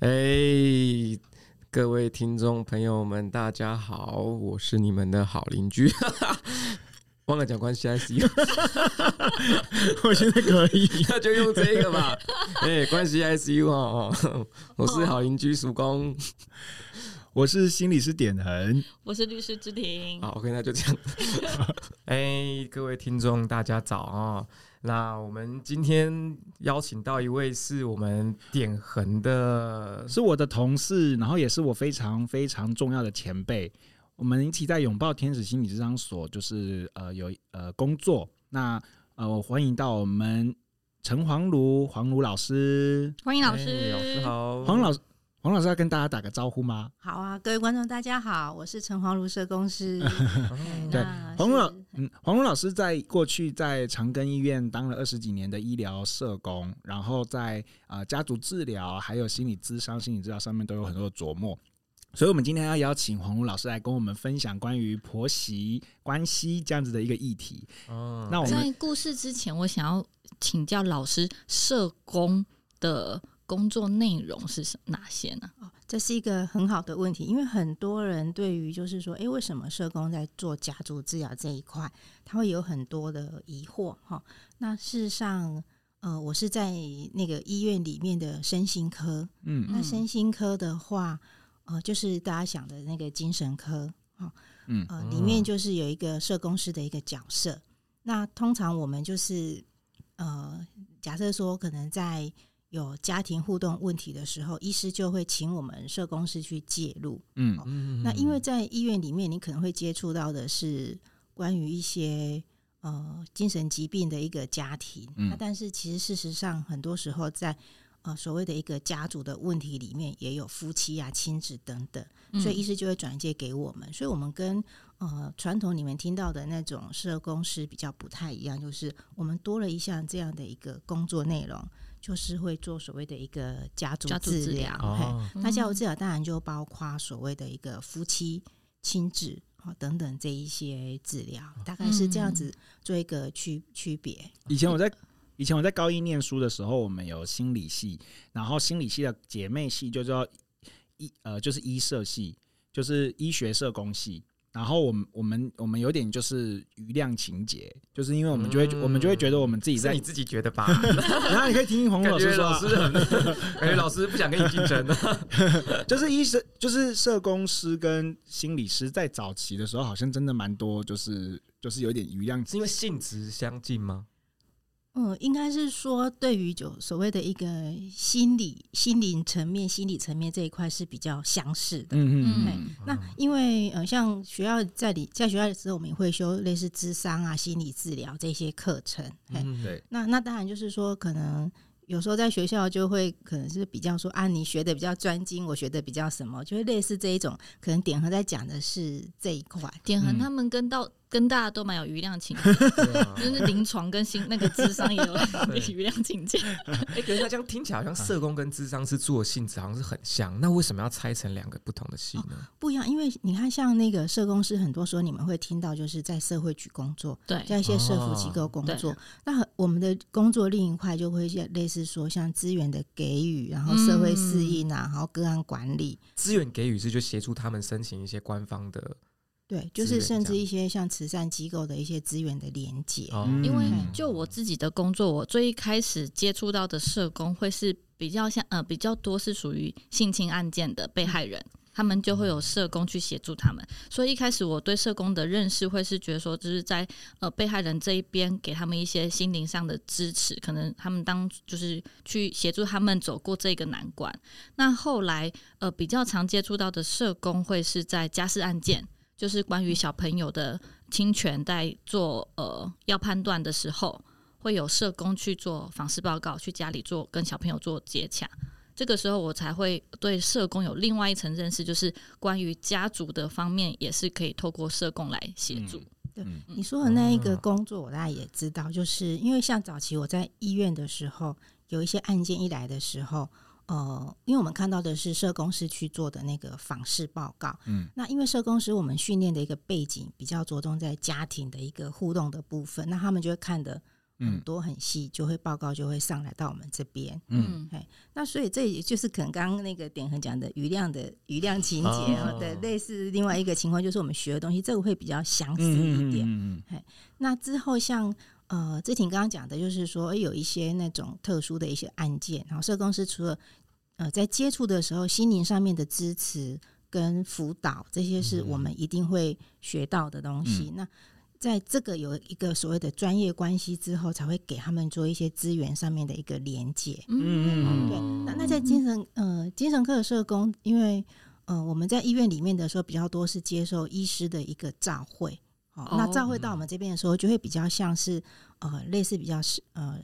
哎、hey,，各位聽眾朋友們，大家好，我是你們的好鄰居， 忘了講關係 I C U， 我覺得在可以， 那就用這個吧。哎、 hey,，關係係 I C U 啊， 我是好鄰居叔公， 我是心理師典衡，我是律師之庭，好，OK，那就這樣。哎、hey,，各位聽眾，大家早、哦。那我們今天邀請到一位是我們典衡的，是我的同事，然後也是我非常非常重要的前輩。我們一起在擁抱天使心理諮商所，就是呃有呃工作。那呃，我歡迎到我們陳皇如皇如老師，歡迎老師、欸，老師好，皇老師。皇老師要跟大家打個招呼嗎？好啊，各位觀眾大家好，我是陳皇如社工師。嗯、對，嗯、皇如老嗯，皇老師在過去在長庚醫院當了二十幾年的醫療社工，然後在呃家族治療還有心理諮商、心理治療上面都有很多的琢磨，所以我們今天要邀請皇如老師來跟我們分享關於婆媳關係這樣子的一個議題。哦、嗯，那我們在故事之前，我想要請教老師社工的。工作內容是什哪些呢？哦，這是一個很好的問題，因為很多人對於就是說，哎、欸，為什麼社工在做家族治療這一塊，他會有很多的疑惑哈。那事實上，呃，我是在那個醫院裡面的身心科，嗯，那身心科的話，呃，就是大家想的那個精神科，呃、嗯，呃、哦，裡面就是有一個社工師的一個角色。那通常我們就是，呃，假設說可能在。有家庭互動問題的時候，醫師就會請我們社工師去介入。嗯嗯，嗯，那因為在醫院裡面，你可能會接觸到的是關於一些呃精神疾病的一個家庭。嗯、那但是其實事實上，很多時候在呃所謂的一個家族的問題裡面，也有夫妻呀、啊、親子等等，所以醫師就會轉介給我們。嗯、所以，我們跟呃傳統裡面聽到的那種社工師比較不太一樣，就是我們多了一項這樣的一個工作內容。就是會做所謂的一個家族治療，哦，那家族治療當然就包括所謂的一個夫妻親子、哦、等等這一些治療，哦，大概是這樣子做一個區區別。以前我在以前我在高一念書的時候，我們有心理系，然後心理系的姐妹系就叫醫呃就是醫社系，就是醫學社工系。然後我們我們我們有點就是瑜亮情節，就是因為我們就會、嗯、我們就會覺得我們自己在你自己覺得吧。然 後、啊、你可以聽聽皇如老師說感老師，感覺老師不想跟你競爭。就是醫生就是社工師跟心理師在早期的時候，好像真的蠻多，就是就是有點瑜亮情節，是因為性質相近嗎？嗯，應該是說對於就所謂的一個心理、心靈層面、心理層面這一塊是比較相似的。嗯嗯。那因為呃，像學校在裡在學校的時候，我們也會修類似諮商啊、心理治療這些課程。嘿嗯。對。那那當然就是說，可能有時候在學校就會可能是比較說啊，你學的比較專精，我學的比較什麼，就會類似這一種。可能典衡在講的是這一塊，典衡他們跟到、嗯。跟大家都蠻有瑜亮情緒，就是臨床跟心那個諮商也有瑜亮情節。哎，可是他這樣聽起來好像社工跟諮商是做的性質，好像是很像。那為什麼要拆成兩個不同的系呢、哦？不一樣，因為你看，像那個社工是很多時候你們會聽到，就是在社會局工作，對，在一些社服機構工作、哦。那我們的工作另一塊就會像類似說，像資源的給予，然後社會適應、啊嗯、然後個案管理。資源給予是就協助他們申請一些官方的。對，就是甚至一些像慈善機構的一些資源的連接，嗯、因為就我自己的工作，我最一開始接觸到的社工會是比較像呃比較多是屬於性侵案件的被害人，他們就會有社工去協助他們。所以一開始我對社工的認識會是覺得說，就是在呃被害人這一邊給他們一些心靈上的支持，可能他們當就是去協助他們走過這個難關。那後來呃比較常接觸到的社工會是在家事案件，就是關於小朋友的侵權，在做呃要判斷的時候，會有社工去做訪視報告，去家裡做跟小朋友做接洽。這個時候，我才會對社工有另外一層認識，就是關於家族的方面也是可以透過社工來協助。嗯嗯、對你說的那一個工作，我大概也知道，就是因為像早期我在醫院的時候，有一些案件一來的時候。哦、呃，因為我們看到的是社工師去做的那個訪視報告，嗯，那因為社工師我們訓練的一個背景比較着重在家庭的一個互動的部分，那他們就會看得很多很細，就會報告就會上來到我們這邊，嗯，嗯，嘿，那所以這也就是可能剛剛那個典衡講的瑜亮的瑜亮情節，對，類似另外一個情況就是我們學的東西這個會比較詳細一點，嗯嗯嗯嗯，嘿，那之後像。呃，之前剛剛講的就是說、欸、有一些那種特殊的一些案件，然後社工師除了呃在接觸的時候，心靈上面的支持跟輔導，這些是我們一定會學到的東西。嗯、那在這個有一個所謂的專業關係之後，才會給他們做一些資源上面的一個連接。嗯、呃，對。那那在精神呃精神科的社工，因為呃我們在醫院裡面的時候比較多是接受醫師的一個照會。哦、那照會到我們這邊的時候、哦，就會比較像是呃，類似比較是呃，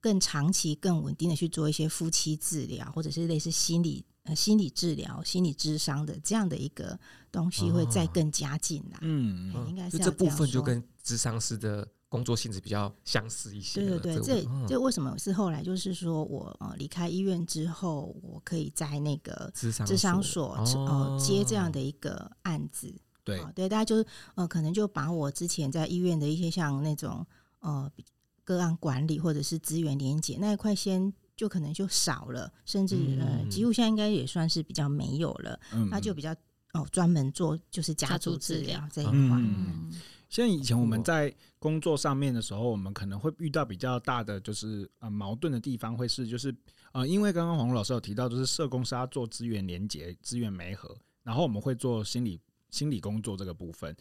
更長期、更穩定的去做一些夫妻治療，或者是類似心理呃心理治療、心理諮商的這樣的一個東西，會再更加進啦、哦。嗯，應該是這部分就跟諮商師的工作性質比較相似一些。對對對，對這這、嗯、為什麼是後來就是說我呃離開醫院之後，我可以在那個諮商所，諮商所、哦、呃接這樣的一個案子。對對，大家就呃，可能就把我之前在醫院的一些像那種呃個案管理或者是資源連接那一塊，先就可能就少了，甚至、嗯、呃，幾乎現在應該也算是比較沒有了。那、嗯、就比較哦，專、呃、門做就是家族治療、嗯、這一塊。像、嗯、在以前我們在工作上面的時候，我們可能會遇到比較大的就是呃矛盾的地方，會是就是呃，因為剛剛皇如老師有提到，就是社工師他做資源連接、資源媒合，然後我們會做心理。心理工作這個部分，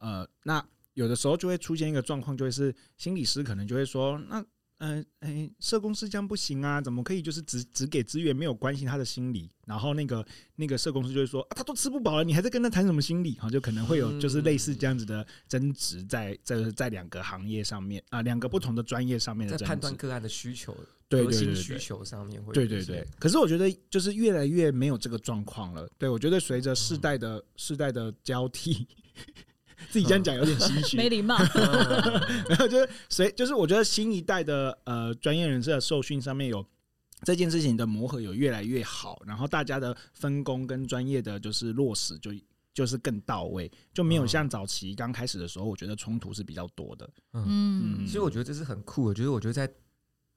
呃，那有的時候就會出現一個狀況，就會是心理師可能就會說，那，嗯、呃，哎、欸，社工師這樣不行啊，怎麼可以就是只只給資源，沒有關心他的心理？然後那個那個社工師就會說，啊，他都吃不飽了，你還在跟他談什麼心理？哈、啊，就可能會有就是類似這樣子的爭執、嗯，在在在兩個行業上面啊，兩個不同的專業上面在判斷個案的需求。對，核心需求上面，對對對對。可是我覺得，就是越來越沒有這個狀況了。對我覺得，隨着世代的世代的交替，自己這樣講有點心虛、嗯，沒禮貌。然後就是，隨，就是，就是，我覺得新一代的呃專業人士的受訓上面有這件事情的磨合有越來越好，然後大家的分工跟專業的就是落實就就是更到位，就沒有像早期剛開始的時候，我覺得衝突是比較多的。嗯，所，嗯，以我覺得這是很酷的，我覺得我覺得在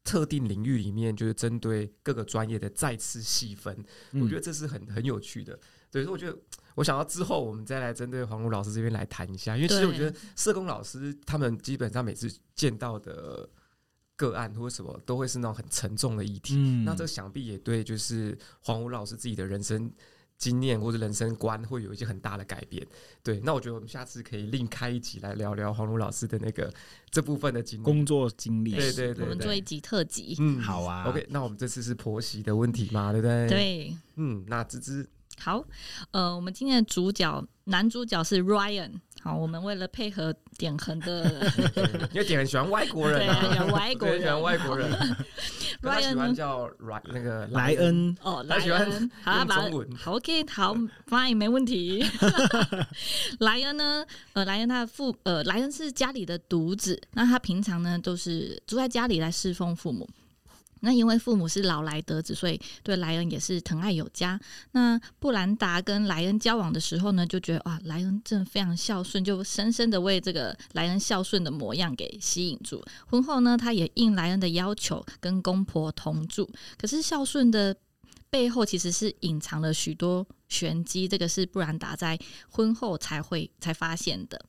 特定領域裡面，就是針對各個專業的再次細分、嗯，我覺得這是很很有趣的。所以說，我覺得我想到之後，我們再來針對皇如老師這邊來談一下，因為其實我覺得社工老師他們基本上每次見到的個案或什麼，都會是那種很沉重的議題。嗯、那這想必也對，就是皇如老師自己的人生。經驗或者人生觀會有一些很大的改變，對。那我覺得我們下次可以另開一集來聊聊皇如老師的那個這部分的經歷、工作經歷，對對，對對對，我們做一集特輯，嗯，好啊。OK，那我們這次是婆媳的問題嘛，對不對？對，嗯，那芝芝，好，呃，我們今天的主角、男主角是 Ryan。好，我們為了配合典衡的， 因為典衡喜歡外國人，啊 對啊，喜歡外國人，喜歡外國人，萊 恩叫萊 那個萊恩，恩哦，萊恩好好 OK，好 Fine，沒問題。萊 恩呢，呃，萊恩他的父，呃，萊恩是家裡的獨子，那他平常呢都，就是住在家裡來侍奉父母。那因為父母是老來得子，所以對萊恩也是疼愛有加。那布蘭達跟萊恩交往的時候呢，就覺得哇，萊恩真的非常孝順，就深深的為這個萊恩孝順的模樣給吸引住。婚後呢，他也應萊恩的要求跟公婆同住。可是孝順的背後其實是隱藏了許多玄機，這個是布蘭達在婚後才會才發現的。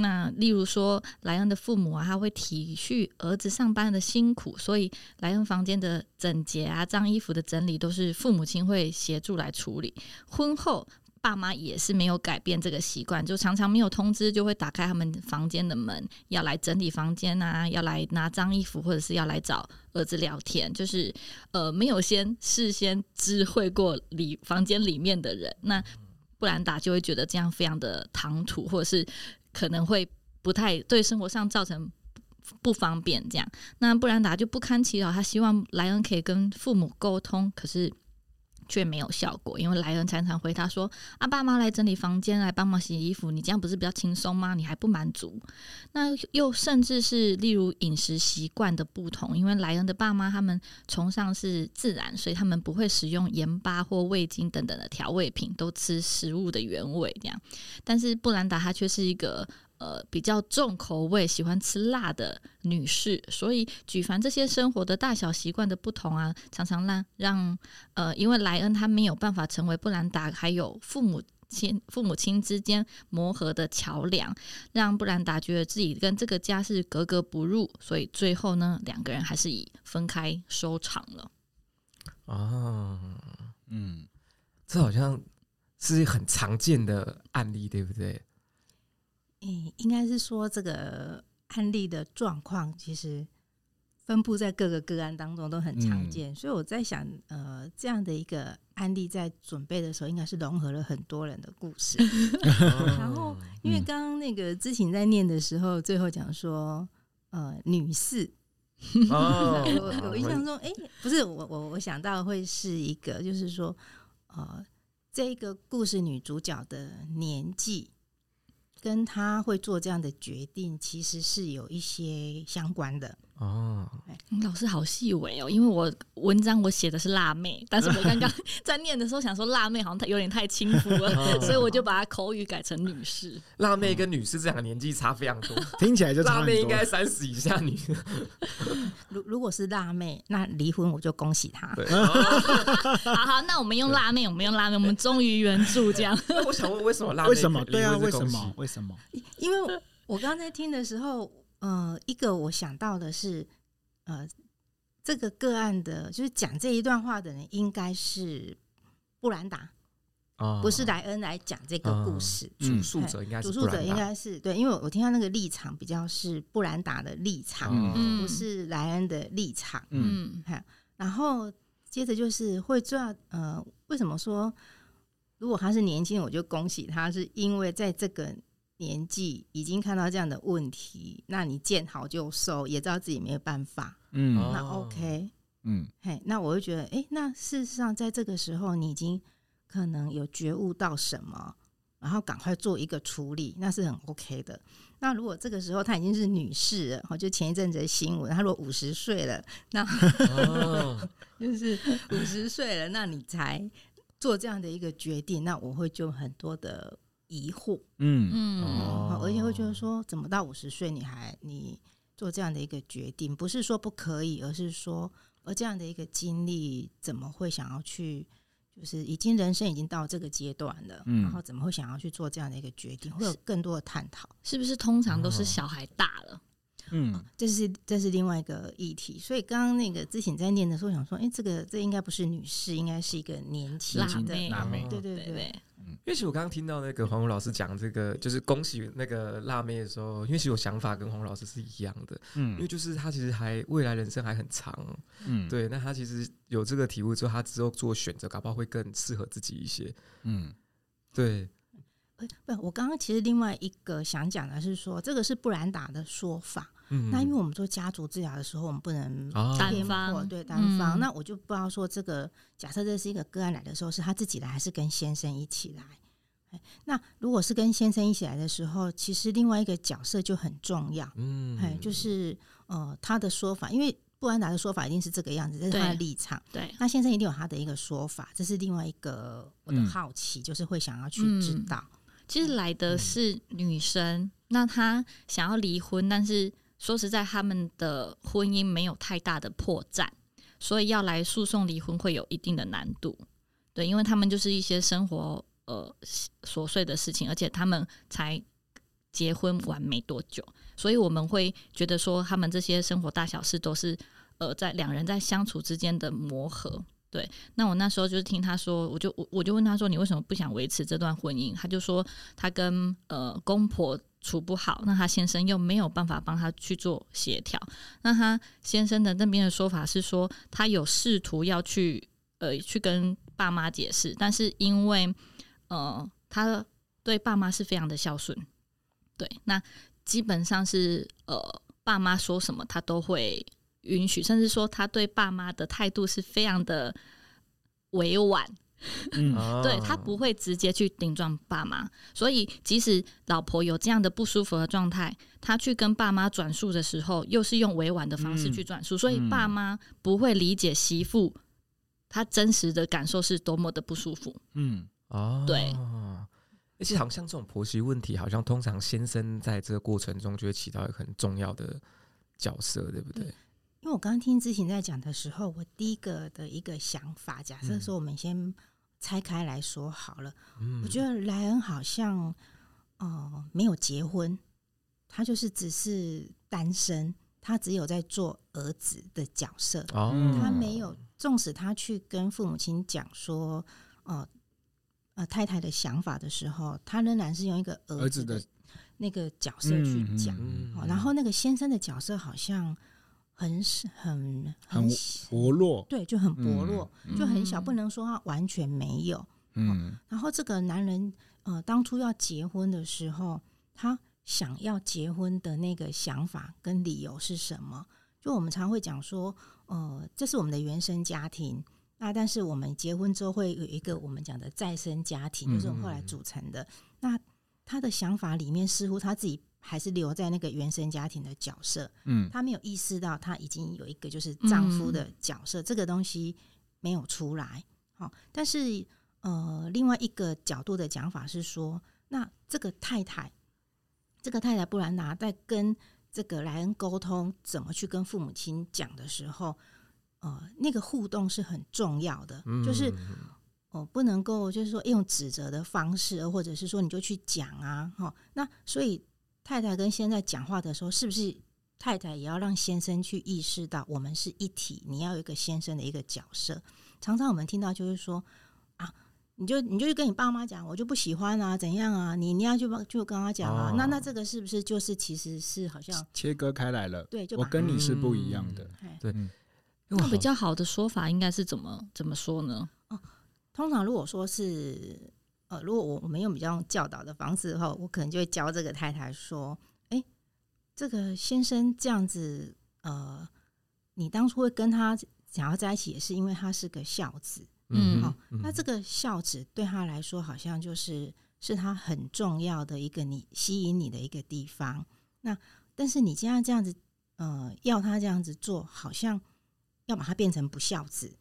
那例如說，萊恩的父母啊，他會體恤兒子上班的辛苦，所以萊恩房間的整潔啊、髒衣服的整理，都是父母親會協助來處理。婚後，爸媽也是沒有改變這個習慣，就常常沒有通知，就會打開他們房間的門，要來整理房間啊，要來拿髒衣服，或者是要來找兒子聊天，就是呃，沒有先事先知會過，裡房間裡面的人。那布蘭達就會覺得這樣非常的唐突，或者是。可能會不太對生活上造成不方便，這樣，那布蘭達就不堪其擾。他希望萊恩可以跟父母溝通，可是，卻沒有效果，因為萊恩常常回他說：“啊，爸媽來整理房間，來幫忙洗衣服，你這樣不是比較輕鬆嗎？你還不滿足？那又甚至是例如飲食習慣的不同，因為萊恩的爸媽他們崇尚是自然，所以他們不會使用鹽巴或味精等等的調味品，都吃食物的原味這樣。但是布蘭達他卻是一個。”呃，比較重口味，喜歡吃辣的女士，所以舉凡這些生活的大小習慣的不同啊，常常讓讓呃，因為萊恩他沒有辦法成為布蘭達還有父母親父母親之間磨合的橋梁，讓布蘭達覺得自己跟這個家是格格不入，所以最後呢，兩個人還是以分開收場了。啊、哦，嗯，這好像是很常見的案例，對不對？嗯，應該是說這個案例的狀況，其實分布在各個個案當中都很常見，嗯。所以我在想，呃，這樣的一個案例在準備的時候，應該是融合了很多人的故事。 哦，然後，因為剛剛那個典衡在念的時候，最後講說，嗯，呃，女士。哦， 好 我我印象中，哎，欸，不是我我我想到會是一個，就是說，呃，這個故事女主角的年紀。跟他會做這樣的決定，其實是有一些相關的。哦，哎，老師好細微哦，因為我文章我寫的是辣妹，但是我剛剛在念的時候想說辣妹好像太有點太輕浮了、哦，所以我就把她口語改成女士、哦。辣妹跟女士這樣年紀差非常多，聽起來就辣妹應該三十以下你，你 如如果是辣妹，那離婚我就恭喜她。對 好好，那我們用辣妹，我們用辣妹，我們忠於原著這樣。 我想問為什麼辣妹為什麼？對，為什麼？為什麼？因為我剛才聽的時候。呃，一個我想到的是，呃，這個個案的，就是講這一段話的人應該是布蘭達、哦，不是萊恩來講這個故事，主、嗯、訴者應該是主訴者應該是對，因為我聽到那個立場比較是布蘭達的立場，嗯、不是萊恩的立場，嗯，好、嗯，然後接着就是會做，呃，為什麼說如果他是年輕，我就恭喜他，是因為在這個。年紀已經看到這樣的問題，那你見好就收，也知道自己沒有辦法，嗯，那 OK，嗯，嘿，那我會覺得，哎、欸，那事實上在這個時候，你已經可能有覺悟到什麼，然後趕快做一個處理，那是很 OK 的。那如果這個時候她已經是女士了，就前一陣子的新聞，她如果五十歲了，那、哦， 就是五十歲了，那你才做這樣的一個決定，那我會就很多的。疑惑，嗯嗯、哦，而且會覺得說，怎麼到五十歲你還你做這樣的一個決定，不是說不可以，而是說，而這樣的一個經歷，怎麼會想要去，就是已經人生已經到這個階段了，然後怎麼會想要去做這樣的一個決定？嗯、會有更多的探討，是不是通常都是小孩大了？哦嗯，這是這是另外一個議題，所以剛剛那個之前在念的時候，我想說，哎、欸，這個這應該不是女士，應該是一個年輕的辣妹，辣妹對、哦，對對對，對。嗯，因為其實我剛剛聽到那個皇如老師講這個，就是恭喜那個辣妹的時候，因為其實我想法跟皇如老師是一樣的，嗯，因為就是他其實還未來人生還很長，嗯，對，那他其實有這個體悟之後，他之後做選擇，搞不好會更適合自己一些，嗯，對。不，我剛剛其實另外一個想講的是說，這個是布蘭達的說法、嗯。那因為我們做家族治療的時候，我們不能偏、啊、單方對單方、嗯。那我就不知道說，這個假設這是一個個案來的時候，是他自己來，還是跟先生一起來、哎？那如果是跟先生一起來的時候，其實另外一個角色就很重要。嗯，哎，就是呃，他的說法，因為布蘭達的說法一定是這個樣子，這是他的立場對。對，那先生一定有他的一個說法，這是另外一個我的好奇，嗯、就是會想要去知道。嗯其實來的是女生，嗯、那她想要離婚，但是說實在，他們的婚姻沒有太大的破綻，所以要來訴訟離婚會有一定的難度。對，因為他們就是一些生活呃瑣碎的事情，而且他們才結婚完沒多久，所以我們會覺得說，他們這些生活大小事都是呃在兩人在相處之間的磨合。對，那我那時候就是聽他說，我就我我就問他說，你為什麼不想維持這段婚姻？他就說他跟呃公婆處不好，那他先生又沒有辦法幫他去做協調。那他先生的那邊的說法是說，他有試圖要去呃去跟爸媽解釋，但是因為呃他對爸媽是非常的孝順，對，那基本上是呃爸媽說什麼他都會。允許，甚至說他對爸媽的態度是非常的委婉，嗯，哦、 對，他不會直接去頂撞爸媽。所以，即使老婆有這樣的不舒服的狀態，他去跟爸媽轉述的時候，又是用委婉的方式去轉述，嗯，所以爸媽不會理解媳婦，嗯、他真實的感受是多麼的不舒服。嗯，啊、哦，對。而且，好像這種婆媳問題，好像通常先生在這個過程中就會起到一個很重要的角色，對不對？嗯我剛剛聽之前在講的時候，我第一個的一個想法，假設說我們先拆開來說好了。嗯嗯，我覺得萊恩好像哦、呃、沒有結婚，他就是只是單身，他只有在做兒子的角色。哦、嗯，他沒有，縱使他去跟父母親講說，哦、呃，呃，太太的想法的時候，他仍然是用一個兒子的那個角色去講。嗯嗯嗯嗯嗯嗯，然後那個先生的角色好像。很很很,很薄弱，對，就很薄弱，嗯嗯、就很小，不能說他完全沒有。嗯，哦、然後這個男人呃，當初要結婚的時候，他想要結婚的那個想法跟理由是什麼？就我們常會講說，呃，這是我們的原生家庭，那但是我們結婚之後會有一個我們講的再生家庭，就是我們後來組成的。嗯嗯嗯那他的想法裡面似乎他自己。還是留在那個原生家庭的角色，嗯，她沒有意識到她已經有一個就是丈夫的角色，嗯、這個東西沒有出來。齁，但是呃，另外一個角度的講法是說，那這個太太，這個太太布蘭達在跟這個萊恩溝通怎麼去跟父母親講的時候，呃，那個互動是很重要的，就是我、呃、不能夠就是說用指責的方式，或者是說你就去講啊，齁，那所以。太太跟現在講話的時候，是不是太太也要讓先生去意識到我們是一體？你要有一個先生的一個角色。常常我們聽到就是說啊，你就你就去跟你爸媽講，我就不喜歡啊，怎樣啊？你你要去就跟他講啊。哦、那那這個是不是就是其實是好像切，切割開來了？對就，我跟你是不一樣的。嗯、對、嗯，那比較好的說法應該是怎麼怎麼說呢？哦，通常如果說是。呃，如果我我們用比較教導的方式的話，我可能就會教這個太太說：“哎、欸，這個先生這樣子，呃，你當初會跟他想要在一起，也是因為他是個孝子，嗯，好、哦，那這個孝子對他來說，好像就是、嗯、是他很重要的一個你吸引你的一個地方。那但是你現在這樣子，呃，要他這樣子做，好像要把他變成不孝子。”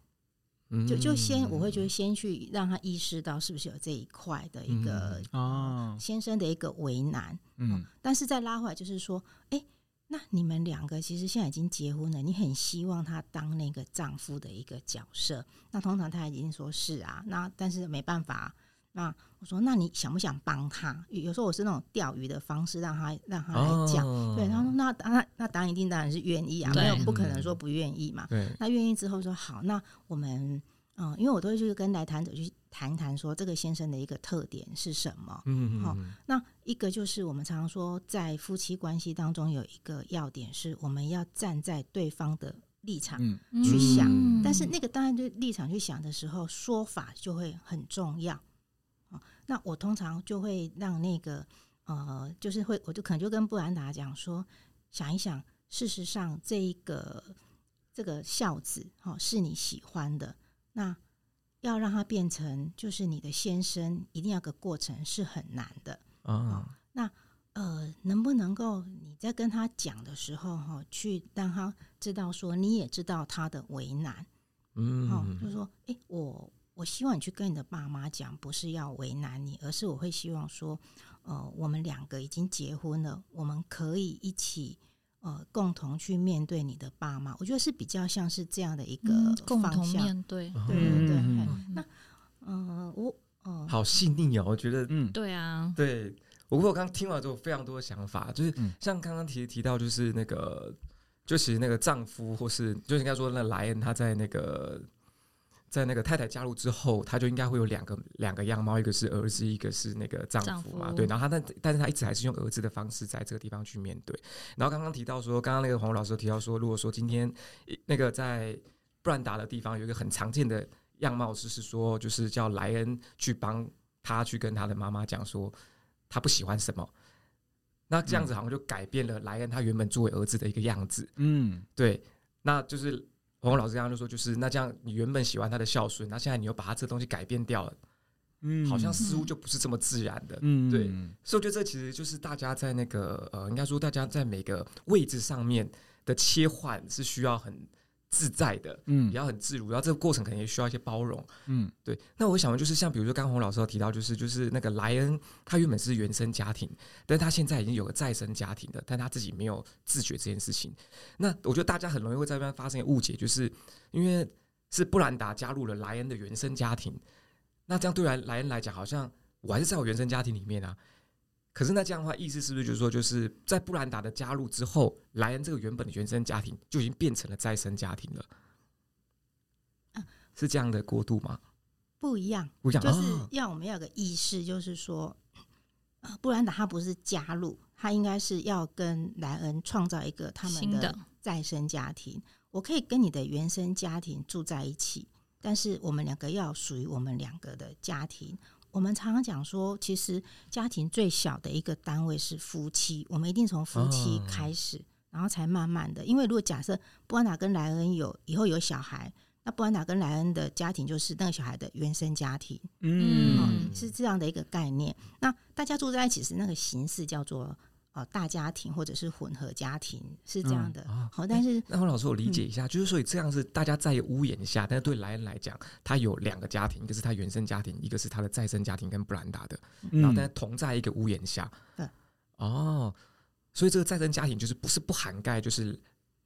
就就先，我會覺得先去讓他意識到是不是有這一塊的一個先生的一個為難，嗯哦、但是再拉回來就是說，哎、欸，那你們兩個其實現在已經結婚了，你很希望他當那個丈夫的一個角色，那通常他已經說是啊，那但是沒辦法。那我說，那你想不想幫他？有時候我是那種釣魚的方式讓，讓他讓他來講。Oh. 對，他說那那那，那當然一定當然是願意啊，Right. 沒有不可能說不願意嘛。對、Right.，那願意之後說好，那我們嗯、呃，因為我都會去跟來談者去談談，說這個先生的一個特點是什麼？嗯嗯。好，那一個就是我們常常說，在夫妻關係當中有一個要點，是我們要站在對方的立場去想。Mm-hmm. 但是那個當然就立場去想的時候，說法就會很重要。那我通常就會讓那個，呃，就是會，我就可能就跟布蘭達講說，想一想，事實上，這一個這個孝子哈、哦、是你喜歡的，那要讓他變成就是你的先生，一定要個過程是很難的、啊哦、那呃，能不能夠你在跟他講的時候哈、哦，去讓他知道說你也知道他的為難，嗯、哦，就說哎、欸、我。我希望你去跟你的爸媽講，不是要為難你，而是我會希望說，呃，我們兩個已經結婚了，我們可以一起呃共同去面對你的爸媽。我覺得是比較像是這樣的一個方向、嗯、共同面對，對對，對嗯嗯嗯嗯。那嗯、呃，我哦、呃，好細膩哦，我覺得，嗯，對啊，對。不過我剛聽完之後，非常多的想法，就是像剛剛提提到，就是那個、嗯，就其實那個丈夫，或是就應該說那萊恩，他在那個。在那個太太加入之後，他就應該會有兩個兩個樣貌，一個是兒子，一個是那個丈夫嘛。夫對，然後他但但是他一直還是用兒子的方式在這個地方去面對。然後剛剛提到說，剛剛那個黃老師提到說，如果說今天那個在布蘭達的地方有一個很常見的樣貌，就是說就是叫萊恩去幫他去跟他的媽媽講說他不喜歡什麼，那這樣子好像就改變了萊恩他原本作為兒子的一個樣子。嗯，對，那就是。皇如老師剛剛就說，就是那這樣，你原本喜歡他的孝順，那現在你又把他這東西改變掉了，嗯，好像似乎就不是這麼自然的，嗯，對，所以我覺得這其實就是大家在那個呃，應該說大家在每個位置上面的切換是需要很。自在的，嗯，也要很自如，嗯，然後這個過程肯定也需要一些包容，嗯，對。那我想問，就是像比如說，剛洪老師提到，就是就是那個萊恩，他原本是原生家庭，但他現在已經有個再生家庭的，但他自己沒有自覺這件事情。那我覺得大家很容易會在那邊發生誤解，就是因為是布蘭達加入了萊恩的原生家庭，那這樣對萊萊恩來講，好像我還是在我原生家庭裡面啊。可是那這樣的話，意思是不是就是說，就是在布蘭達的加入之後，萊恩這個原本的原生家庭就已經變成了再生家庭了？啊、是這樣的過渡嗎？不，不一樣，就是要我們要有個意識，啊，就是說，布蘭達他不是加入，他應該是要跟萊恩創造一個他們的再生家庭。我可以跟你的原生家庭住在一起，但是我們兩個要屬於我們兩個的家庭。我們常常講說，其實家庭最小的一個單位是夫妻，我們一定從夫妻開始，然後才慢慢的。因為如果假設布蘭達跟萊恩有以後有小孩，那布蘭達跟萊恩的家庭就是那個小孩的原生家庭，嗯，嗯，是這樣的一個概念。那大家住在一起，其實那個形式叫做。大家庭或者是混合家庭是這樣的，好、嗯啊，但是、欸、那皇老師我理解一下，嗯、就是所以這樣子大家在屋檐下，但是對萊恩來講，他有兩個家庭，一個是他原生家庭，一個是他的再生家庭跟布蘭達的、嗯，然後但是同在一個屋檐下，嗯、哦，所以這個再生家庭就是不是不涵蓋就是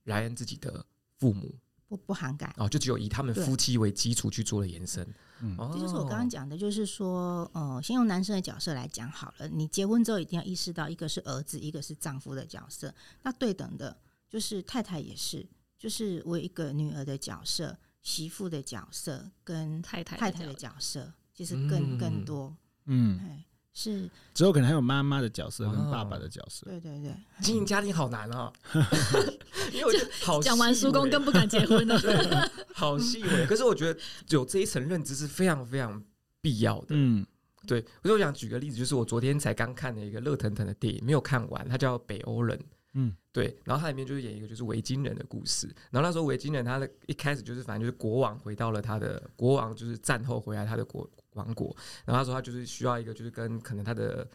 萊恩自己的父母。不不涵蓋哦，就只有以他們夫妻為基礎去做了延伸、嗯。這就是我剛剛講的，就是說，哦、呃，先用男生的角色來講好了。你結婚之後一定要意識到，一個是兒子，一個是丈夫的角色。那對等的就是太太也是，就是我有一個女兒的角色、媳婦的角色跟太太太太的角色，其實、就是、更、嗯、更多，嗯。嗯是，之後可能還有媽媽的角色跟爸爸的角色。哦，對對對，經營家庭好難啊。哦！ 因為我就好就講完叔公更不敢結婚了， 好戲細。 可是我覺得有這一層認知是非常非常必要的。嗯，對。可是我想舉個例子，就是我昨天才剛看的一個熱騰騰的電影，沒有看完，它叫《北歐人》。嗯，對。然後它裡面就是演一個就是維京人的故事。然後那時候維京人，他的一開始就是反正就是國王回到了他的國王，就是戰後回來他的國。王國，然後他說他就是需要一個，就是跟可能他的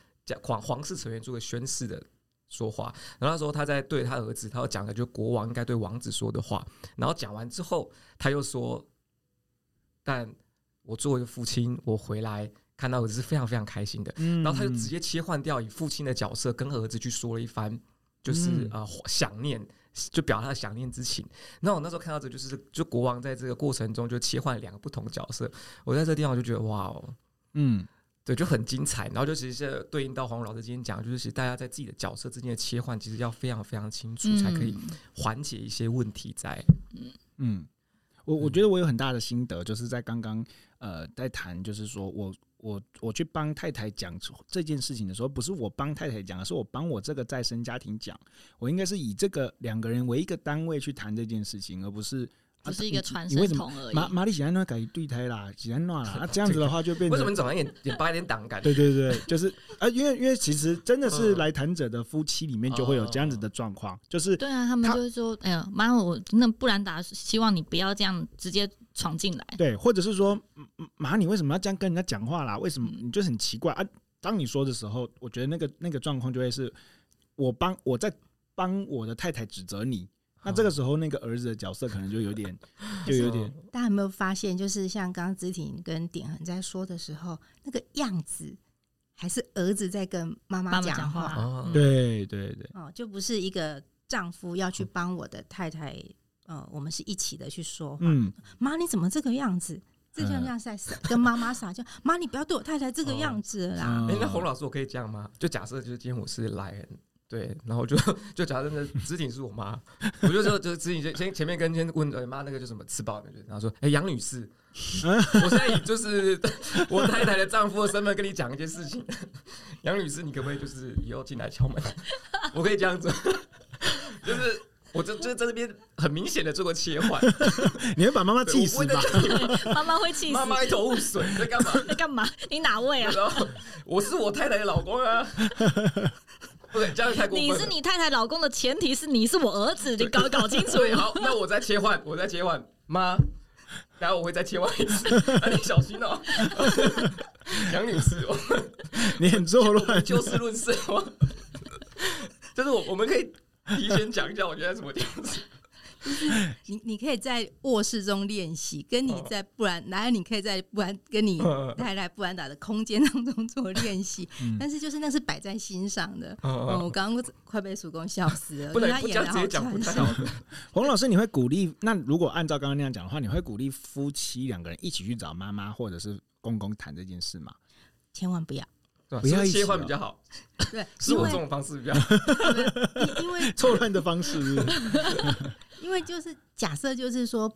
皇皇室成員做個宣誓的說話。然後他說他在對他兒子，他要講的就是國王應該對王子說的話。然後講完之後，他又說，但我作為一個父親，我回來看到兒子是非常非常開心的。嗯、然後他就直接切換掉以父親的角色跟兒子去說了一番，就是啊、嗯呃，想念。就表達他的想念之情。那我那時候看到這，就是就國王在這個過程中就切換兩個不同的角色。我在這地方我就覺得哇哦，嗯，對，就很精彩。然後就其實是對應到皇如老師今天講，就是其實大家在自己的角色之間的切換，其實要非常非常清楚，嗯、才可以緩解一些問題在。嗯，我我覺得我有很大的心得，嗯、就是在剛剛呃在談，就是說我。我我去幫太太講這件事情的時候，不是我幫太太講，而是我幫我這個再生家庭講。我應該是以這個兩個人為一個單位去談這件事情，而不是只是一個傳聲筒而已。馬馬麗姐那改對胎啦，姐亂啦，那、 啊、這樣子的話就變成、這個、為什麼你總也演 把一八點檔感？對對對，就是啊，因為因為其實真的是來談者的夫妻裡面就會有這樣子的狀況、哦哦哦哦，就是對啊，他們就是說，哎呀，媽，我那布蘭達希望你不要這樣直接。闖進來對，或者是說，媽，你為什麼要這樣跟人家講話啦？為什麼你就很奇怪啊？當你說的時候，我覺得那個那個狀況就會是，我幫我在幫我的太太指責你。那這個時候，那個兒子的角色可能就有點，嗯、就有點。So, 大家有沒有發現，就是像剛剛子婷跟典衡在說的時候，那個樣子還是兒子在跟媽媽講話,媽媽講話、嗯。對對對，哦，就不是一個丈夫要去幫我的太太、嗯。嗯、呃，我們是一起的去說話。媽、嗯，你怎麼這個樣子？像這樣在跟媽媽撒嬌。媽，你不要對我太太這個樣子了啦、哦嗯欸。那洪老師，我可以這樣嗎？就假設就是今天我是來人對，然後就就假設的子女是我媽， 我就說就是子女先先前面跟先問媽、欸、那個叫什麼吃飽的，然後說哎，楊、欸、女士， 我現在就是我太太的丈夫的身份跟你講一件事情。楊 女士，你可不可以就是以後進來敲門？ 我可以這樣子， 就是。我就,就在這邊很明顯的做過切換， 你會把媽媽氣死吧？媽媽會氣死，媽媽一頭霧水，你在幹嘛？在幹嘛？你哪位啊？我是我太太的老公啊！不 對，這樣太過分你是你太太老公的前提是你是我兒子，你搞搞清楚。好，那我再切換，我再切換，媽，然後我會再切換一次， 啊、你小心哦、喔，楊 女士，你很作亂，就事論事就是我，我們,事事、就是、我們可以。提前講一下，我覺得怎麼樣子。你你可以在臥室中練習，跟你在不然，然後你可以在不然跟你太太不然打的空間當中做練習。但是就是那是擺在心上的。哦，我剛剛快被叔公笑死了，不能一聊直接講。皇老師，你會鼓勵？那如果按照剛剛那樣講的話，你會鼓勵夫妻兩個人一起去找媽媽或者是公公談這件事嗎？千萬不要。對，不要。是不是切換比較好？對，因為，是我這種方式比較好， 因為錯亂的方式，因為就是假設就是說，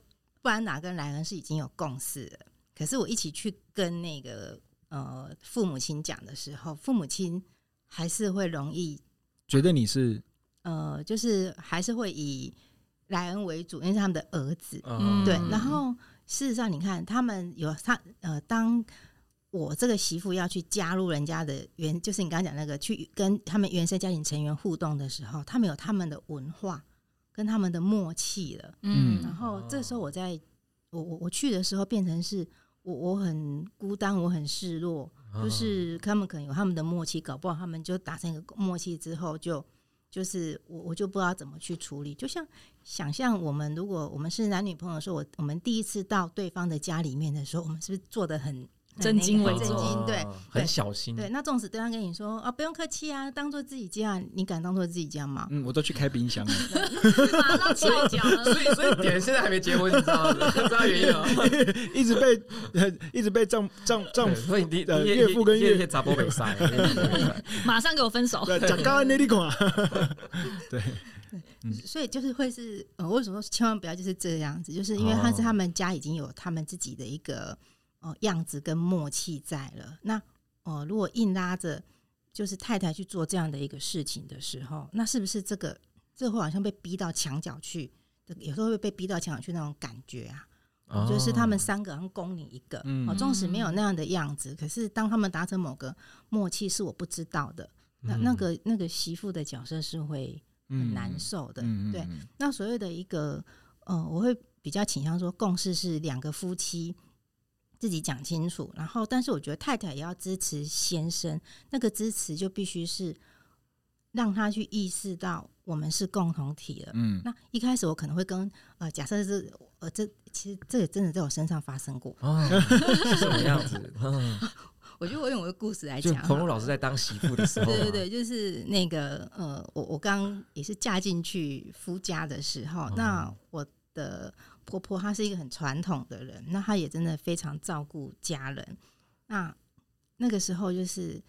不然哪跟萊恩是已經有共識了，可是我一起去跟那個呃父母親講的時候，父母親還是會容易覺得你是呃，就是還是會以萊恩為主，因為是他們的兒子，嗯、對。然後事實上，你看他們有他呃，當。我這個媳婦要去加入人家的原，就是你剛剛講那個，去跟他們原生家庭成員互動的時候，他們有他們的文化跟他們的默契了。嗯，然後這時候我在、哦、我我我去的時候，變成是我我很孤單，我很失落，就是他們可能有他們的默契，搞不好他們就達成一個默契之後就，就就是我我就不知道怎麼去處理。就像想象我們如果我們是男女朋友的時候，說我我們第一次到對方的家裡面的時候，我們是不是做得很？真金為重、啊，那個經，對，很小心。對，那縱使對方跟你說啊，不用客氣啊，當做自己家，你敢當做自己家嗎？嗯，我都去開冰箱了。馬上踹腳了。 所以，所以點現在還沒結婚，你知道嗎？知道原因嗎？一直被、呃、一直被丈丈丈夫，岳父跟岳父砸母給殺， 馬上給我分手。講高安內力功。對，對，對，對，對、嗯，所以就是會是呃，為什麼千萬不要就是這樣子？就是因為他、哦、是他們家已經有他們自己的一個。哦，樣子跟默契在了。那哦、呃，如果硬拉着就是太太去做這樣的一個事情的時候，那是不是這個這個、會好像被逼到牆角去，有時候會被逼到牆角去那種感覺啊？哦、就是他們三個好像攻你一個，哦，哦，縱使沒有那樣的樣子，嗯嗯，可是當他們達成某個默契，是我不知道的。那那個那個媳婦的角色是會很難受的。嗯嗯嗯，對，那所謂的一個呃，我會比較傾向說共識是兩個夫妻，自己講清楚，然後，但是我覺得太太也要支持先生，那個支持就必須是讓他去意識到我們是共同體了。嗯，那一開始我可能會跟呃，假設是呃，這其實這也真的在我身上發生過。哦、是什麼樣子？ 嗯、我覺得我用我的故事來講，皇如老師在當媳婦的時候、啊， 對對對，就是那個呃，我我剛也是嫁進去夫家的時候，嗯、那我的。婆婆她是一個很傳統的人，那她也真的非常照顧家人。那那個時候就是，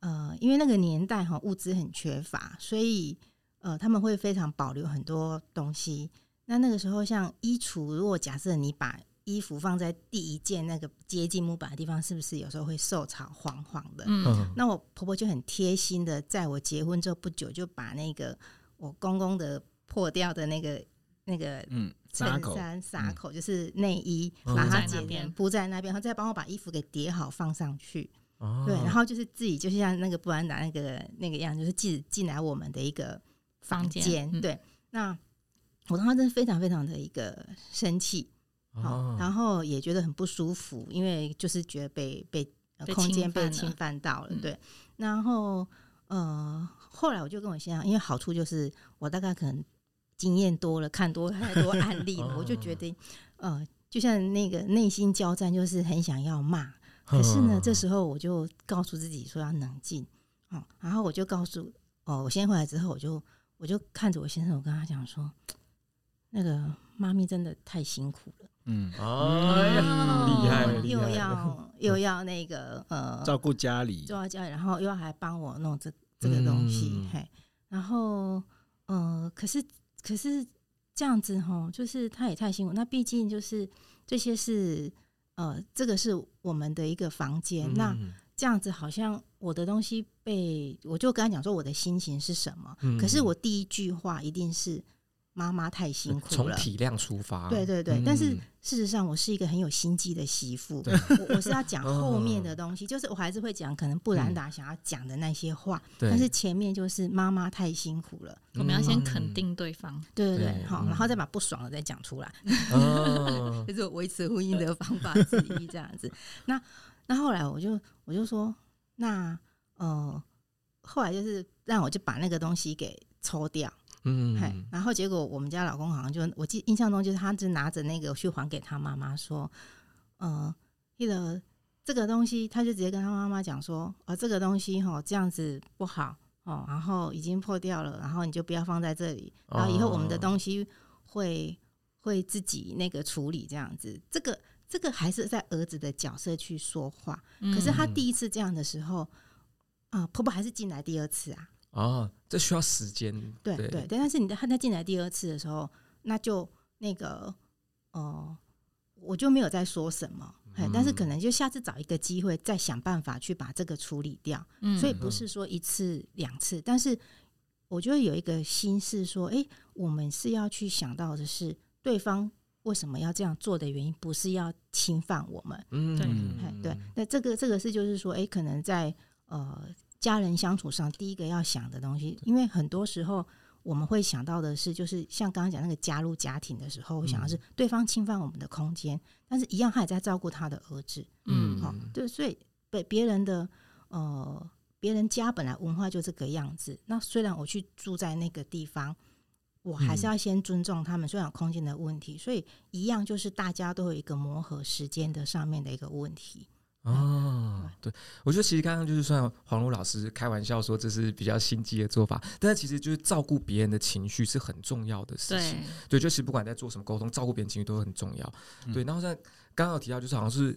呃，因為那個年代哈物資很缺乏，所以呃他們會非常保留很多東西。那那個時候像衣櫥，如果假設你把衣服放在第一件那個接近木板的地方，是不是有時候會受潮黃黃的？嗯，那我婆婆就很貼心的，在我結婚之後不久就把那個我公公的破掉的那個。那個嗯，襯衫撒口、口、嗯、就是內衣，把它剪掉鋪在那邊，然後再幫我把衣服給疊好放上去。哦。對，然後就是自己就像那個布蘭達那個那個樣，就是進進來我們的一個房間。嗯。對，那我當時真的非常非常的一個生氣，哦，然後也覺得很不舒服，因為就是覺得被被空間被侵犯到了。嗯、對，然後呃，後來我就跟我先生，因為好處就是我大概可能。經驗多了，看多太多案例了。 我就覺得， 呃，就像那個內心交戰，就是很想要罵，可是呢， 這時候我就告訴自己說要冷靜，哦、嗯，然後我就告訴，哦，我先回來之後，我就我就看着我先生，我跟他講說， 那個媽咪真的太辛苦了，嗯，哦，厲害，又要又要那個呃，照顧家裡，照顧家裡，然後又要還幫我弄這這個東西、嗯，嘿，然後，呃，可是。可是這樣子吼，就是他也太辛苦。那畢竟就是這些是，呃，這個是我們的一個房間、嗯。那這樣子好像我的東西被，我就跟他講說我的心情是什麼。可是我第一句話一定是。嗯媽媽太辛苦了。從體諒出發。對對對，但是事實上，我是一個很有心機的媳婦。我我是要講後面的東西，就是我還是會講可能布蘭達想要講的那些話。但是前面就是媽媽太辛苦了，我們要先肯定對方。對對對，好，然後再把不爽的再講出來。 就是維持婚姻的方法之一，這樣子。那那後來我就我就說，那呃，後來就是讓我就把那個東西給抽掉。嗯，嗨，然後結果我們家老公好像就，我記印象中就是，他就拿着那個去還給他媽媽說，嗯、呃，那個這個東西，他就直接跟他媽媽講說，啊、呃，這個東西哈、哦、這樣子不好哦，然後已經破掉了，然後你就不要放在這裡，哦、然後以後我們的東西會會自己那個處理這樣子，這個這個還是在兒子的角色去說話，嗯、可是他第一次這樣的時候，啊、呃，婆婆還是進來第二次啊。啊、哦，這需要時間。對對對，但是你在他進來第二次的時候，那就那個，哦、呃，我就沒有再說什麼。哎、嗯，但是可能就下次找一個機會，再想辦法去把這個處理掉。嗯、所以不是說一次兩、嗯、次，但是我覺得有一個心事，說，哎、欸，我們是要去想到的是對方為什麼要這樣做的原因，不是要侵犯我們。嗯，對對，那這個這個是就是說，哎、欸，可能在呃。家人相處上，第一個要想的東西，因為很多時候我們會想到的是，就是像剛剛講那個加入家庭的時候，我想的是對方侵犯我們的空間，嗯、但是一樣，他也在照顧他的兒子。嗯、哦，好，對，所以被別人的呃，別人家本來文化就這個樣子，那雖然我去住在那個地方，我還是要先尊重他們，雖然空間的問題，所以一樣就是大家都有一個磨合時間的上面的一個問題。啊、哦，對，我覺得其實剛剛就是算皇如老師開玩笑說這是比較心機的做法，但是其實就是照顧別人的情緒是很重要的事情。對，對，就是不管在做什麼溝通，照顧別人的情緒都很重要。對，嗯、然後像剛剛有提到，就是好像是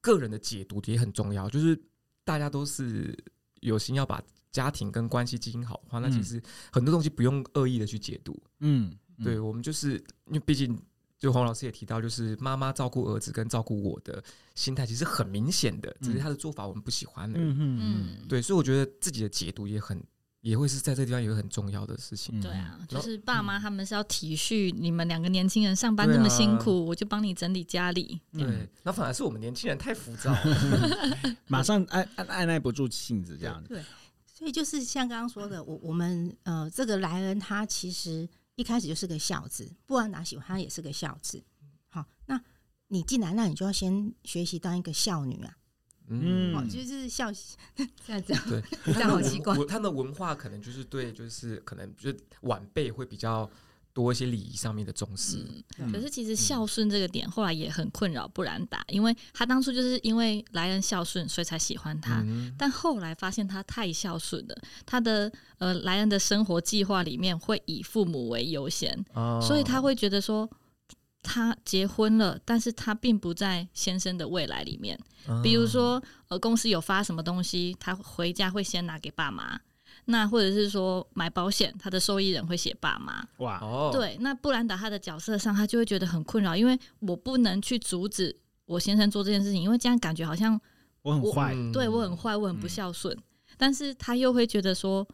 個人的解讀也很重要，就是大家都是有心要把家庭跟關係經營好的話，嗯，那其實很多東西不用惡意的去解讀。嗯，嗯對，我們就是因為畢竟。就黃老師也提到，就是媽媽照顧兒子跟照顧我的心態其實很明顯的，只是他的做法我們不喜歡了。嗯嗯對，所以我覺得自己的解讀也很，也會是在這個地方有很重要的事情、嗯嗯。對啊，就是爸媽他們是要體恤你們兩個年輕人上班這麼辛苦，啊、我就幫你整理家裡、嗯。對，那反而是我們年輕人太浮躁， 馬上按按按捺不住性子這樣子對。對，所以就是像剛剛說的，我我們呃，這個男人他其實。一開始就是個孝子，不然哪喜歡他也是個孝子。好，哦，那你進來，那你就要先學習當一個孝女啊。嗯、哦，就是孝現在這樣。對，這樣好奇怪。他們文， 文化可能就是對，就是可能就是晚輩會比較多一些禮儀上面的重視，嗯，可是其實孝順這個點後來也很困擾布蘭達，因為他當初就是因為萊恩孝順，所以才喜歡他，嗯，但後來發現他太孝順了，他的呃萊恩的生活計劃裡面會以父母為優先，哦，所以他會覺得說他結婚了，但是他並不在先生的未來裡面，比如說呃公司有發什麼東西，他回家會先拿給爸媽。那或者是說買保險，他的受益人會寫爸媽。哇哦，對。那布蘭達他的角色上，他就會覺得很困擾，因為我不能去阻止我先生做這件事情，因為這樣感覺好像我，我很壞，對我很壞，我很不孝順。嗯嗯。但是他又會覺得說，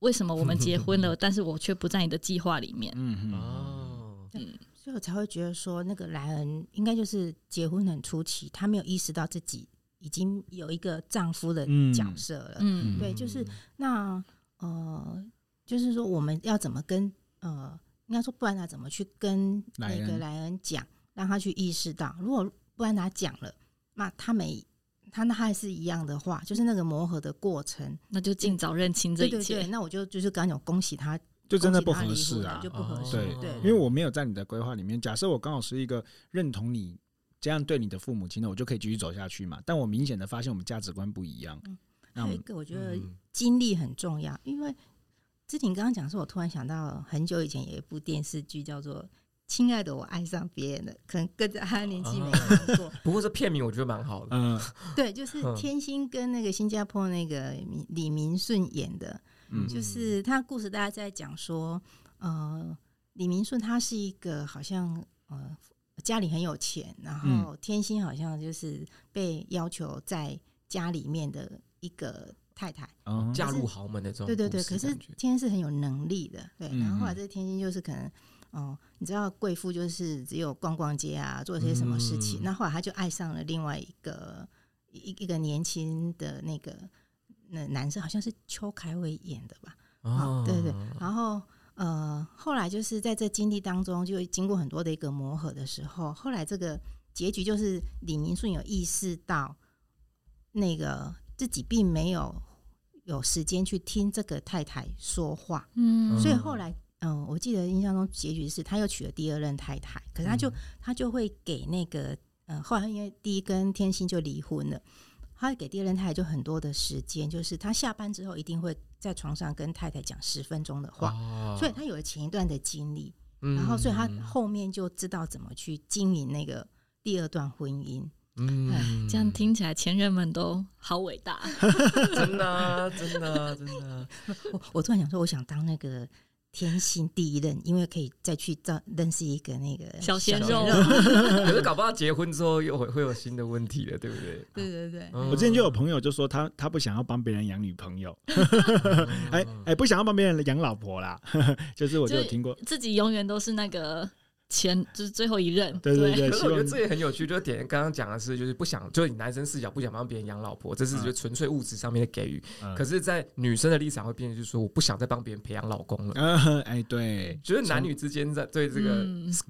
為什麼我們結婚了， 但是我卻不在你的計劃裡面？嗯哦，嗯，所以我才會覺得說，那個男人應該就是結婚很初期，他沒有意識到自己。已經有一個丈夫的角色了。嗯，對，就是那呃，就是說我們要怎麼跟呃，應該說布蘭達怎麼去跟那個萊恩講，讓他去意識到，如果布蘭達講了，那他沒，他那還是一樣的話，就是那個磨合的過程，那就儘早認清這一切。對對對，那我就就是剛剛講，恭喜他，就真的不合適啊，啊，就不合適。對，對，對，對，因為我沒有在你的規劃裡面。假設我剛好是一個認同你。這樣對你的父母親呢，我就可以繼續走下去嘛。但我明顯的發現我們價值觀不一樣。嗯，還有一個我覺得經歷很重要，嗯、因為志婷剛剛講說，我突然想到很久以前有一部電視劇叫做《親愛的，我愛上別人的》的，可能跟着他年紀沒有過、嗯，不過這片名我覺得蠻好的。嗯，對，就是天心跟那個新加坡那個李明順演的、嗯，就是他故事大家在講說，呃，李明順他是一個好像呃。家裡很有錢，然後天心好像就是被要求在家裡面的一個太太，嗯、對對對，嫁入豪門的這種。對對對，可是天心是很有能力的，對。然後後來這天心就是可能，嗯、哦，你知道貴婦就是只有逛逛街啊，做些什麼事情。那、嗯、後，後來他就愛上了另外一個一一個年輕的那個那男生，好像是邱凱偉演的吧？哦，哦對，對對，然後。呃，後來就是在這經歷當中，就經過很多的一個磨合的時候，後來這個結局就是李明順有意識到，那個自己並沒有有時間去聽這個太太說話，嗯，所以後來，嗯、呃，我記得印象中結局是他又娶了第二任太太，可是他就他就會給那個，嗯、呃，後來因為第一跟天心就離婚了，他給第二任太太就很多的時間，就是他下班之後一定會。在床上跟太太講十分鐘的話，哦哦哦哦所以他有了前一段的經歷，嗯嗯嗯然後所以他後面就知道怎麼去經營那個第二段婚姻。嗯，嗯、哎，這樣聽起來前人們都好偉大 真、啊，真的、啊，真 的，真的。我我突然想說，我想當那個。天心第一任，因為可以再去認識一個那個小鮮肉， 可是搞不好結婚之後又會會有新的問題了，對不對？對對對、哦，我之前就有朋友就說他他不想要幫別人養女朋友 哎，哎哎，不想要幫別人養老婆啦， 就是我就聽過就自己永遠都是那個。前就是最後一任，對對對，對可是我覺得這也很有趣。就是典剛剛講的是，就是不想，就是以男生視角不想幫別人養老婆，這是就是純粹物質上面的給予。啊、可是，在女生的立場會變成，就是說我不想再幫別人培養老公了。哎、嗯，對，就是男女之間在對這個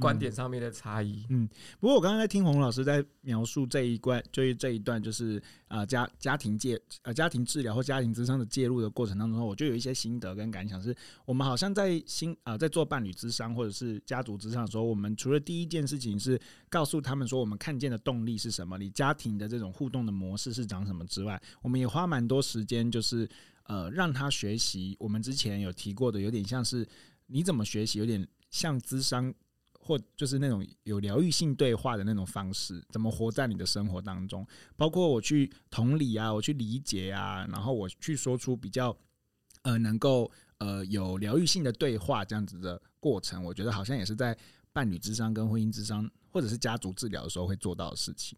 觀點上面的差異。嗯，嗯嗯嗯嗯，不過我剛才在聽洪老師在描述這一段，就是這一段就是。啊、呃，家家庭介啊、呃，家庭治療或家庭諮商的介入的過程當中，我就有一些心得跟感想，是我們好像在心啊、呃，在做伴侶諮商或者是家族諮商的時候，我們除了第一件事情是告訴他們說我們看見的動力是什麼，你家庭的這種互動的模式是長什麼之外，我們也花蠻多時間，就是呃，讓他學習。我們之前有提過的，有點像是你怎麼學習，有點像諮商。或就是那種有療癒性對話的那種方式，怎麼活在你的生活當中？包括我去同理啊，我去理解啊，然後我去說出比較呃能夠呃有療癒性的對話這樣子的過程，我覺得好像也是在伴侶諮商跟婚姻諮商或者是家族治療的時候會做到的事情，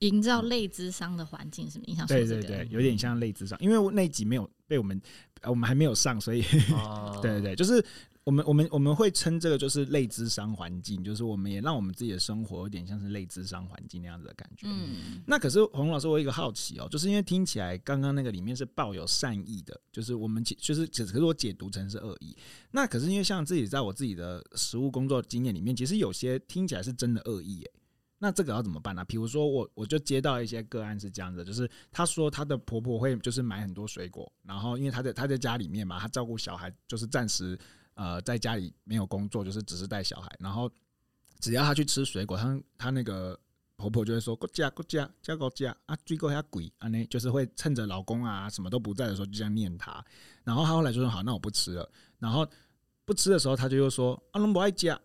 營造類諮商的環境是是，什麼影響？對對對，有點像類諮商，因為那那集沒有被我們，我們還沒有上，所以、oh. 對對對，就是。我們我們我們會稱這個就是類諮商環境，就是我們也讓我們自己的生活有點像是類諮商環境那樣子的感覺。嗯，那可是皇如老師，我有一個好奇哦，就是因為聽起來剛剛那個裡面是抱有善意的，就是我們其就是只是我解讀成是惡意。那可是因為像自己在我自己的實務工作經驗裡面，其實有些聽起來是真的惡意誒。那這個要怎麼辦呢、啊？比如說我我就接到一些個案是這樣子的，就是她說她的婆婆會就是買很多水果，然後因為她在她在家裡面嘛，她照顧小孩，就是暫時。呃，在家裡沒有工作，就是只是帶小孩。然後，只要她去吃水果，她她那個婆婆就會說：“果加果加加果加啊，追果加鬼啊！”呢，就是會趁着老公啊什麼都不在的時候，就這樣念他。然後她後來就說：“好，那我不吃了。”然後不吃的時候，她就又說：“啊，龍不愛吃，啊，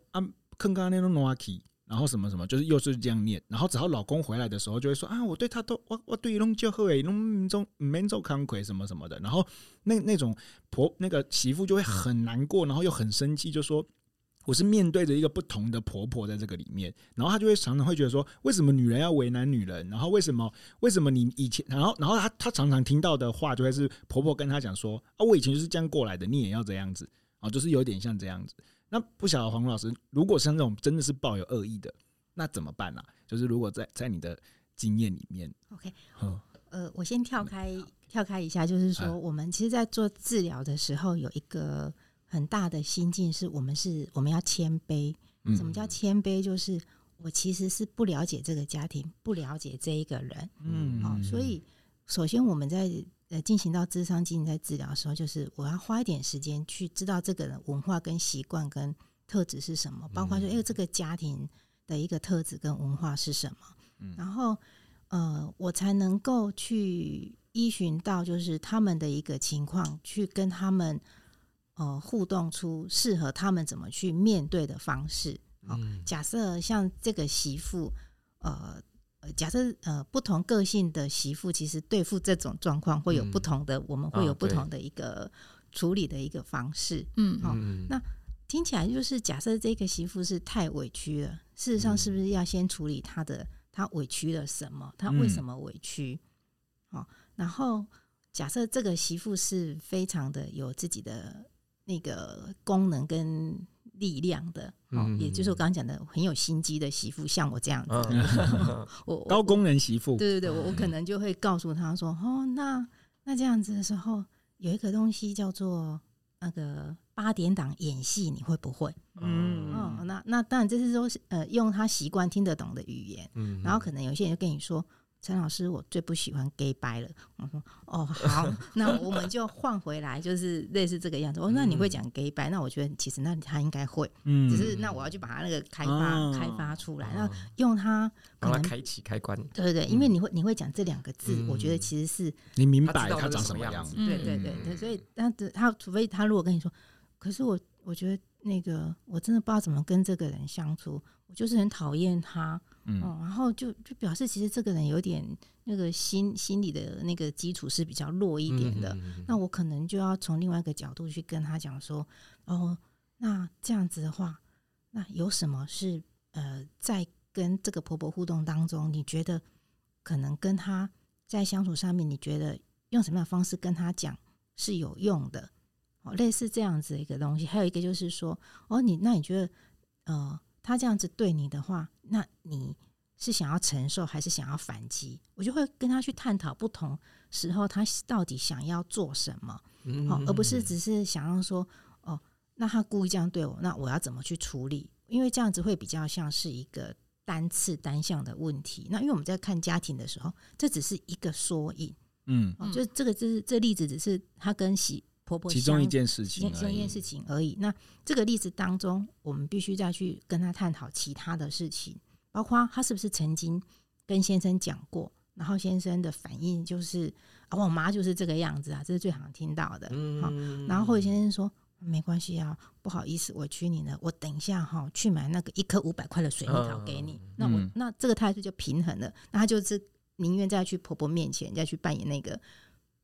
坑干那龍暖氣。”然後什麼什麼，就是又是這樣念。然後只要老公回來的時候，就會說啊，我對他都我我對你叫好哎，龍中沒做康葵什麼什麼的。然後那那種婆那個媳婦就會很難過，然後又很生氣，就說我是面對着一個不同的婆婆在這個裡面。然後她就會常常會覺得說，為什麼女人要為難女人？然後為什麼為什麼你以前然後然後她她常常聽到的話，就會是婆婆跟她講說啊，我以前就是這樣過來的，你也要這樣子啊，就是有點像這樣子。那不曉得黃老師，如果像這種真的是抱有惡意的，那怎麼辦呢、啊？就是如果在在你的經驗裡面，OK，好呃，我先跳開、嗯、跳開一下，就是說、嗯，我們其實，在做治療的時候，有一個很大的心境，是我們是我們要謙卑。什麼叫謙卑？就是我其實是不了解這個家庭，不了解這一個人。嗯，好、哦，所以首先我們在。呃，進行到諮商、進行在治療的時候，就是我要花一點時間去知道這個文化跟習慣跟特質是什麼，包括說，哎，這個家庭的一個特質跟文化是什麼，然後呃，我才能夠去依循到就是他們的一個情況，去跟他們呃互動出適合他們怎麼去面對的方式。嗯，假設像這個媳婦呃。假設呃不同個性的媳婦，其實對付這種狀況會有不同的、嗯，我們會有不同的一個處理的一個方式。嗯，好、啊哦，那聽起來就是假設這個媳婦是太委屈了，事實上是不是要先處理她的、嗯、她委屈了什麼？她為什麼委屈？好、嗯哦，然後假設這個媳婦是非常的有自己的那個功能跟。力量的，也就是我剛剛講的很有心機的媳婦，像我這樣子，嗯、 高工人媳婦，對對對，我我可能就會告訴他說、嗯，哦，那那這樣子的時候，有一個東西叫做那個八點檔演戲，你會不會？嗯，嗯哦、那那當然這是說，呃，用他習慣聽得懂的語言，嗯，然後可能有些人就跟你說。陳老師，我最不喜歡 gay bye 了。我說哦，好，那我們就換回來，就是類似這個樣子。 哦，那你會講 gay bye，那我覺得其實那他應該會，嗯，只是那我要去把他那個開發、哦、開發出來，那用他可能他開啟開關，對對，對、嗯，因為你會你會講這兩個字、嗯，我覺得其實是你明白他長什麼樣子，對、嗯、對對對，所以那他除非他如果跟你說，可是我我覺得那個我真的不知道怎麼跟這個人相處。我就是很討厭他，嗯哦，然後就就表示其實這個人有點那個心心理的那個基礎是比較弱一點的。嗯嗯嗯嗯，那我可能就要從另外一個角度去跟他講說，哦，那這樣子的話，那有什麼是呃，在跟這個婆婆互動當中，你覺得可能跟她在相處上面，你覺得用什麼樣的方式跟她講是有用的？哦，類似這樣子的一個東西。還有一個就是說，哦，你那你覺得呃。他這樣子對你的話，那你是想要承受還是想要反擊？我就會跟他去探討不同時候他到底想要做什麼，哦，而不是只是想要說，哦，那他故意這樣對我，那我要怎麼去處理？因為這樣子會比較像是一個單次單向的問題。那因為我們在看家庭的時候，這只是一個縮影，嗯、哦，就這個，就是這例子，只是他跟喜。婆婆其中一件事情，其中一件事情而已。那這個例子當中，我們必須再去跟他探討其他的事情，包括他是不是曾經跟先生講過，然後先生的反應就是啊、哦，我媽就是這個樣子啊，這是最常聽到的。嗯哦、然後，後先生說沒關係啊，不好意思，委屈你了，我等一下哈去買那個一顆五百塊的水蜜桃給你。哦、那我、嗯、那這個態度就平衡了。那他就是寧願再去婆婆面前再去扮演那個。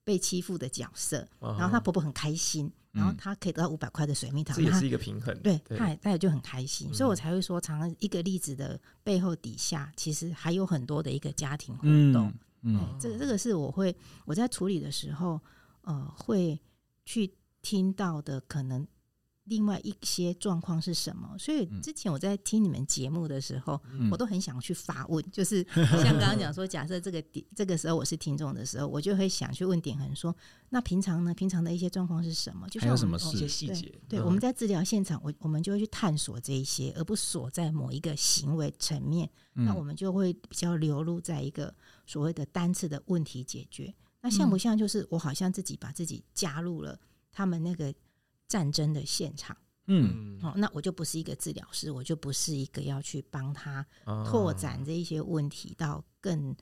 被欺負的角色，然後她婆婆很開心，然後她可以得到五百塊的水蜜桃，嗯，這也是一個平衡對。對，她也，她也就很開心，嗯，所以我才會說，常常一個例子的背後底下，其實還有很多的一個家庭互動嗯。嗯，這個，這個是我會我在處理的時候，呃，會去聽到的可能。另外一些狀況是什麼？所以之前我在聽你們節目的時候、嗯，我都很想去發問，嗯、就是像剛剛講說，假設這個這個時候我是聽眾的時候，我就會想去問典衡說，那平常呢？平常的一些狀況是什麼就像？還有什麼事？一些細節。對，我們在治療現場，我我們就會去探索這一些，而不鎖在某一個行為層面、嗯。那我們就會比較流露在一個所謂的單次的問題解決。那像不像就是我好像自己把自己加入了他們那個。戰爭的現場，嗯、哦，那我就不是一個治療師，我就不是一個要去幫他拓展這一些問題到更、哦、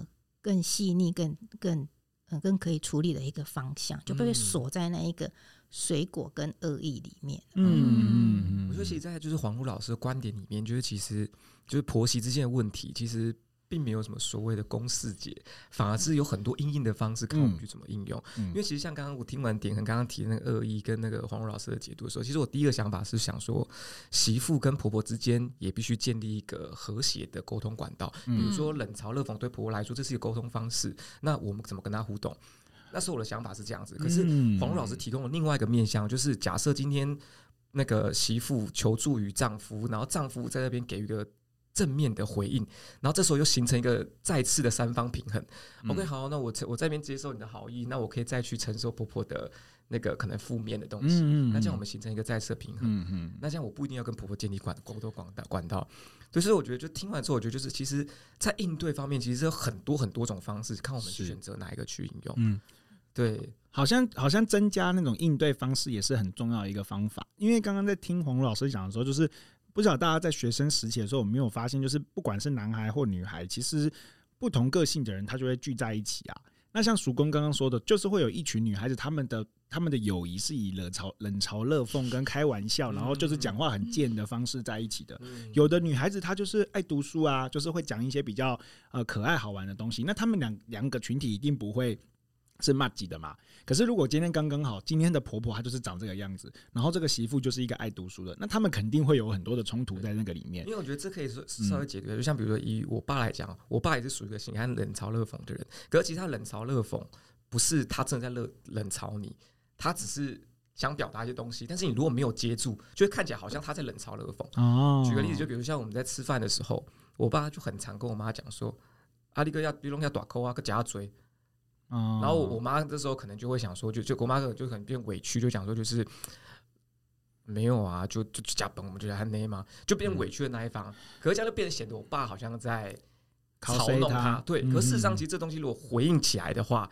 呃更細膩、更更更、呃、更可以處理的一個方向，就被鎖在那一個水果跟惡意裡面。嗯，嗯我覺得其實，在就是皇如老師的觀點裡面，就是其實就是婆媳之間的問題，其實。並沒有什麼所謂的公式解，反而是有很多因應的方式，看我們去怎麼應用。嗯嗯、因為其實像剛剛我聽完典衡剛剛提到那個惡意跟那個皇如老、老師的解讀的時候，其實我第一個想法是想說，媳婦跟婆婆之間也必須建立一個和諧的溝通管道，嗯。比如說，冷嘲熱諷對婆婆來說這是一個溝通方式，那我們怎麼跟她互動？那時候我的想法是這樣子。可是皇如老、老師提供了另外一個面向，嗯、就是假設今天那個媳婦求助於丈夫，然後丈夫在那邊給予一個。正面的回應，然後這時候又形成一個再次的三方平衡。嗯、OK，好，那我我這邊接受你的好意，那我可以再去承受婆婆的那個可能負面的東西。嗯，嗯，嗯，那這樣我們形成一個再次的平衡。嗯嗯，那這樣我不一定要跟婆婆建立管溝通管，管道。管道就是我覺得，就聽完之後，我覺得就是其實在應對方面，其實有很多很多種方式，看我們選擇哪一個去應用。嗯，對，好像好像增加那種應對方式也是很重要的一個方法。因為剛剛在聽皇如老師講的時候，就是。不知道大家在學生時期的時候有沒有發現，就是不管是男孩或女孩，其實不同個性的人，他就會聚在一起啊。那像叔公剛剛說的，就是會有一群女孩子，他們的他們的友誼是以冷嘲冷嘲熱諷跟開玩笑，然後就是講話很賤的方式在一起的。嗯，有的女孩子她就是愛讀書啊，就是會講一些比較呃可愛好玩的東西。那他們兩兩個群體一定不會。是麻吉的嘛？可是如果今天剛剛好，今天的婆婆她就是長這個樣子，然後這個媳婦就是一個愛讀書的，那他們肯定會有很多的衝突在那個裡面。因為我覺得這可以說稍微解決、嗯，就像比如說以我爸來講，我爸也是屬於一個喜歡冷嘲熱諷的人。可是其實他冷嘲熱諷不是他真的在冷冷嘲你，他只是想表達一些東西。但是你如果沒有接住，就會看起來好像他在冷嘲熱諷、嗯。舉個例子，就比如像我們在吃飯的時候，我爸就很常跟我媽講說：“阿力哥要別弄要打 call 啊，個夾嘴。啊” Oh. 然後我媽這時候可能就會想說，就就我媽就可能就很變委屈，就講說就是沒有啊，就就加本我們就來內嗎？就變委屈的那一方，可是這樣就變得顯得我爸好像在嘲弄他。對，可是事實上，其實這東西如果回應起來的話，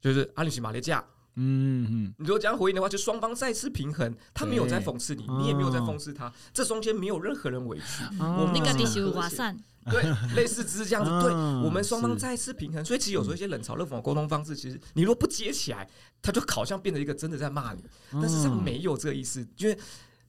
就是阿里西馬列加。嗯嗯，你如果這樣回應的話，就雙方再次平衡，他沒有在諷刺你，你也沒有在諷刺他，這中間沒有任何人委屈。我們划算？對， 類似只是這樣子。啊、對、嗯、我們雙方再次平衡。所以其實有時候一些冷嘲熱諷的溝通方式是，其實你如果不接起來，他就好像變成一個真的在罵你、嗯。但是他沒有這個意思，因為，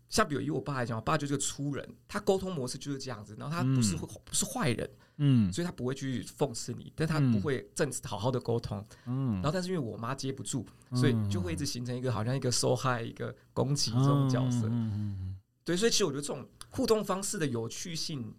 像比如以我爸來講，我爸就是個粗人，他溝通模式就是這樣子。然後他不是會、嗯、不是壞人，嗯，所以他不會去諷刺你、嗯，但他不會正式好好的溝通。嗯，然後但是因為我媽接不住，所以就會一直形成一個好像一個受害、一個攻擊這種角色。嗯。對，所以其實我覺得這種互動方式的有趣性。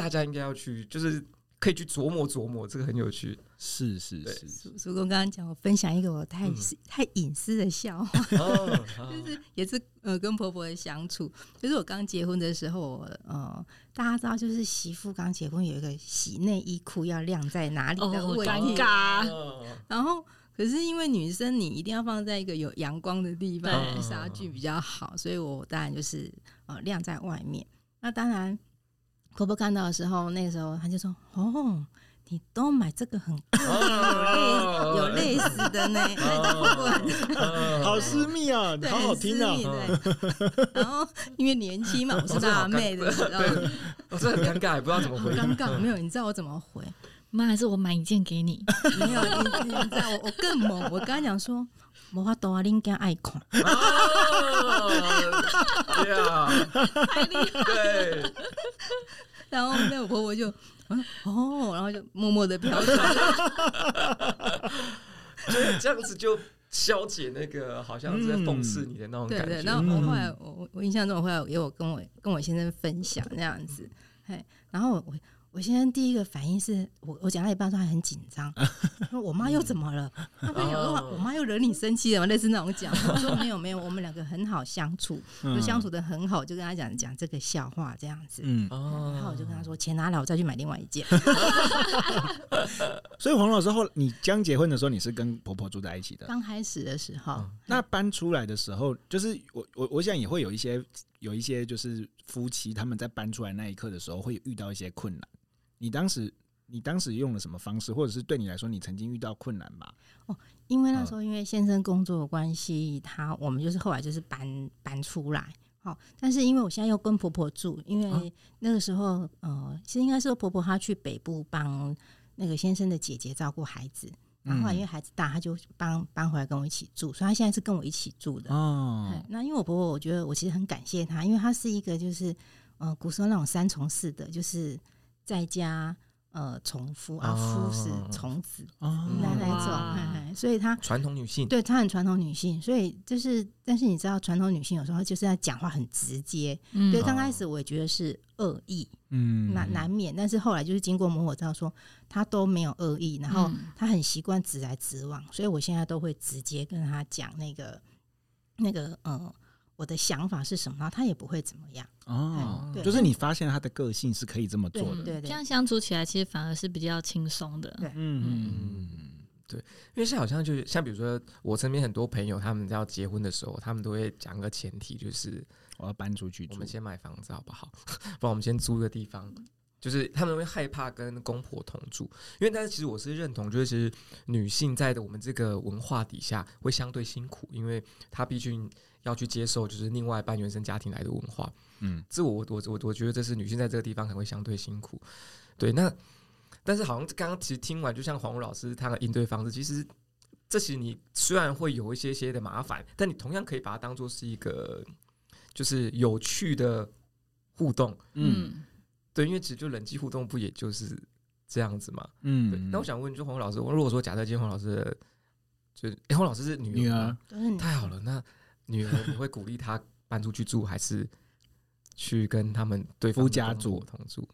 大家應該要去，就是可以去琢磨琢磨，這個很有趣。是是是，是叔公剛剛講，我分享一個我太、嗯、太隱私的笑話， 哦、就是也是呃跟婆婆的相處。就是我剛結婚的時候，我呃大家知道，就是媳婦剛結婚有一個洗內衣褲要晾在哪裡的問題、哦、好尷尬、哦。然後可是因為女生你一定要放在一個有陽光的地方，殺菌比較好，所以我當然就是呃晾在外面。那當然。婆婆看到的時候，那個時候他就說：“哦，你都買這個很高，有、哦、類、欸、有類似的呢、哦欸哦哦嗯，好私密啊，對，你好好聽啊。”然後因為年輕嘛，我是大妹的時候，我真的很尷尬，不知道怎麼回。尷尬、， 哦、尷尬沒有，你知道我怎麼回？媽，還是我買一件給你。沒有，你，你知道我我更猛，我剛剛講說。無法度啊！你更愛看？哦，這 樣對、啊， 太厲害了。對 然後那我婆婆就我說，哦，然後就默默的飄走， 就這樣子就消解那個好像是在諷刺你的那種感覺。嗯、對，對對，然後我後來我我我印象中我後來也有跟我跟我先生分享那樣子，哎、嗯，然後我。我先生第一個反應是我我講到一半說還很緊張，我說我媽又怎麼了？有我媽又惹你生氣了嗎？類似那種講。我說沒有沒有，我們兩個很好相處，就相處的很好，就跟他講講這個笑話這樣子。嗯，然後我就跟他說錢拿來，我再去買另外一件。嗯、 所以黃老師後，你將結婚的時候你是跟婆婆住在一起的？剛開始的時候，嗯、那搬出來的時候，就是我我我想也會有一些有一些就是夫妻他們在搬出來那一刻的時候會遇到一些困難。你當時，你當時用了什麼方式，或者是對你來說，你曾經遇到困難吧？哦，因為那時候，因為先生工作關係，嗯、他我們就是後來就是搬搬出來。好、哦，但是因為我現在又跟婆婆住，因為那個時候，嗯、呃，其實應該是婆婆她去北部幫那個先生的姐姐照顧孩子，然後，後因為孩子大，她就幫搬回來跟我一起住，所以她現在是跟我一起住的。哦、嗯，那因為我婆婆，我覺得我其實很感謝她，因為她是一個就是，呃，古時候那種三從四德的，就是。在家，呃，從夫啊，哦，夫是從子，哦，男男來來，嗯，所以她傳統女性，對她很傳統女性，所以就是，但是你知道，傳統女性有時候就是在講話很直接，所以，嗯哦，剛開始我也覺得是惡意，嗯，難難免，但是後來就是經過磨合知道說她都沒有惡意，然後她很習慣直來直往，嗯，所以我現在都會直接跟她講那個那個，嗯，呃。我的想法是什麼，他也不會怎麼樣哦、嗯。就是你發現他的個性是可以這麼做的，對，對,對,對。這樣相處起來其實反而是比較輕鬆的。嗯嗯對，因為是好像就是像比如說我身邊很多朋友，他們要結婚的時候，他們都會講個前提，就是我要搬出去，我們先買房子好不好？ 不然我們先租個地方。就是他們會害怕跟公婆同住，因為但是其實我是認同，就是其實女性在的我們這個文化底下會相對辛苦，因為她畢竟。要去接受，就是另外一半原生家庭來的文化，嗯，這我我我我覺得這是女性在這個地方可能會相對辛苦，對。那但是好像剛剛其實聽完，就像皇如老師她的應對方式，其實這些你雖然會有一些些的麻煩，但你同樣可以把它當做是一個就是有趣的互動，嗯，嗯對，因為其實就人際互動不也就是這樣子嘛，嗯。對那我想問，就皇如老師，我如果說假設今天皇如老師的就哎、欸，皇如老師是女兒女、啊，太好了，那。女兒，你會鼓勵她搬出去住，還是去跟他們對夫家做同住？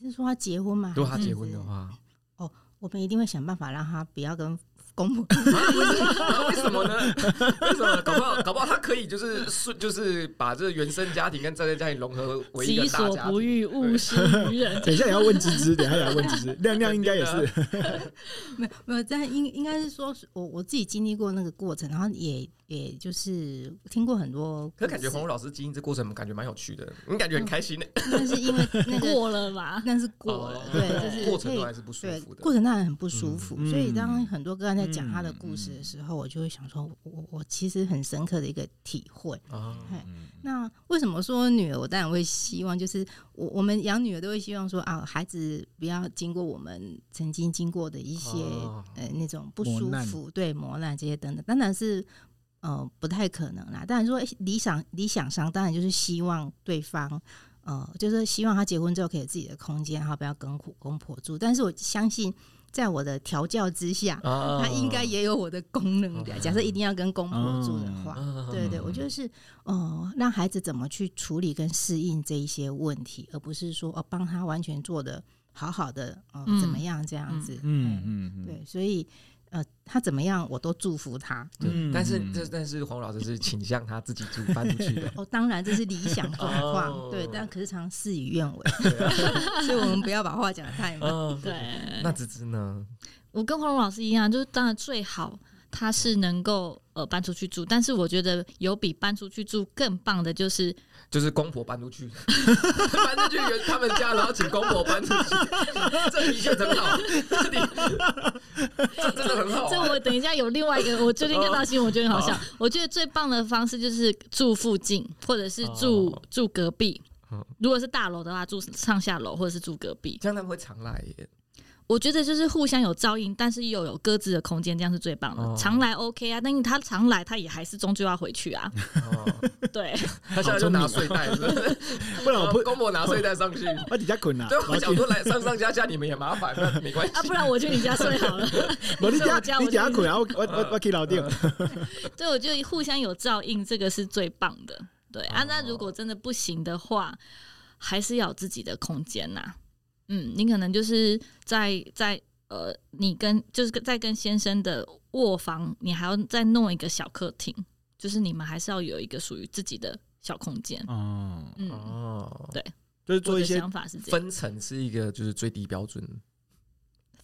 你是說她結婚嗎？如果她結婚的話，哦，我們一定會想辦法讓她不要跟公婆、 啊。為什麼呢？為什麼？搞不好，搞不好她可以就是順，就是把這原生家庭跟再生家庭融合為一個大家庭。己所不欲，勿施於人。 等一下，也要問芝芝， 等一下也要問芝芝。 亮亮應該也是。啊， 沒有，沒有，但應應該是說我，我我自己經歷過那個過程，然後也。也就是聽過很多，可是感覺皇如老師經營這過程，感覺蠻有趣的、嗯，你感覺很開心的。但是因為過了嘛？但 是過了， 對，就是過程都還是不舒服的對。過程當然很不舒服，嗯、所以當很多個人在講他的故事的時候，嗯、我就會想說，我我其實很深刻的一個體會。嗯嗯、那為什麼說女兒？我當然會希望，就是我我們養女兒都會希望說啊，孩子不要經過我們曾經經過的一些、哦、呃那種不舒服、磨對磨難這些等等，當然是。呃，不太可能啦。當然說理想理想上，當然就是希望對方，呃，就是希望他結婚之後可以有自己的空間，哈，不要跟公公婆婆住。但是我相信，在我的調教之下，oh、他應該也有我的功能的。Oh、假設一定要跟公婆住的話，okay. oh、對，對對，我就是哦、呃，讓孩子怎麼去處理跟適應這一些問題，而不是說哦幫、呃、他完全做得好好的哦、呃、怎麼樣這樣子，嗯嗯，嗯，嗯，對，所以。呃，他怎麼樣，我都祝福他。嗯，但是這、嗯、但是黃老師是傾向他自己住搬出去的。 哦，當然這是理想狀況、哦，對，但可是常事與願違，哦、 所以我們不要把話講得太滿、哦。對，那芝芝呢？我跟黃老師一樣，就是當然最好他是能夠呃搬出去住，但是我覺得有比搬出去住更棒的就是。就是公婆搬出去， 搬出去原他們家，然後請公婆搬出去， 這的確很好， 這真的 很好。我等一下有另外一個，我最近看到新聞，我覺得很好笑、哦。我覺得最棒的方式就是住附近，或者是住、哦、住隔壁、哦。如果是大樓的話，住上下樓，或者是住隔壁，這樣他們會常來耶。我覺得就是互相有照應，但是又有各自的空間，這樣是最棒的。哦、常來 OK 啊，但是他常來，他也還是終究要回去啊、哦。對，他現在就拿睡袋是不是，啊、 不然我幫我 拿睡袋上去。那你家困啊？對，我想說來上上下下你們也麻煩， 沒關係啊。不然我去你家睡好了。 你我家你家你困我 我我可以定。啊、 對，我覺得互相有照應，這個是最棒的。對、哦、啊，那如果真的不行的話，還是要有自己的空間吶、啊。嗯，你可能就是在在呃，你跟就是在跟先生的臥房，你還要再弄一個小客廳，就是你們還是要有一個屬於自己的小空間哦。嗯哦對，就是做一些想法是這樣，分層是一個就是最低標準。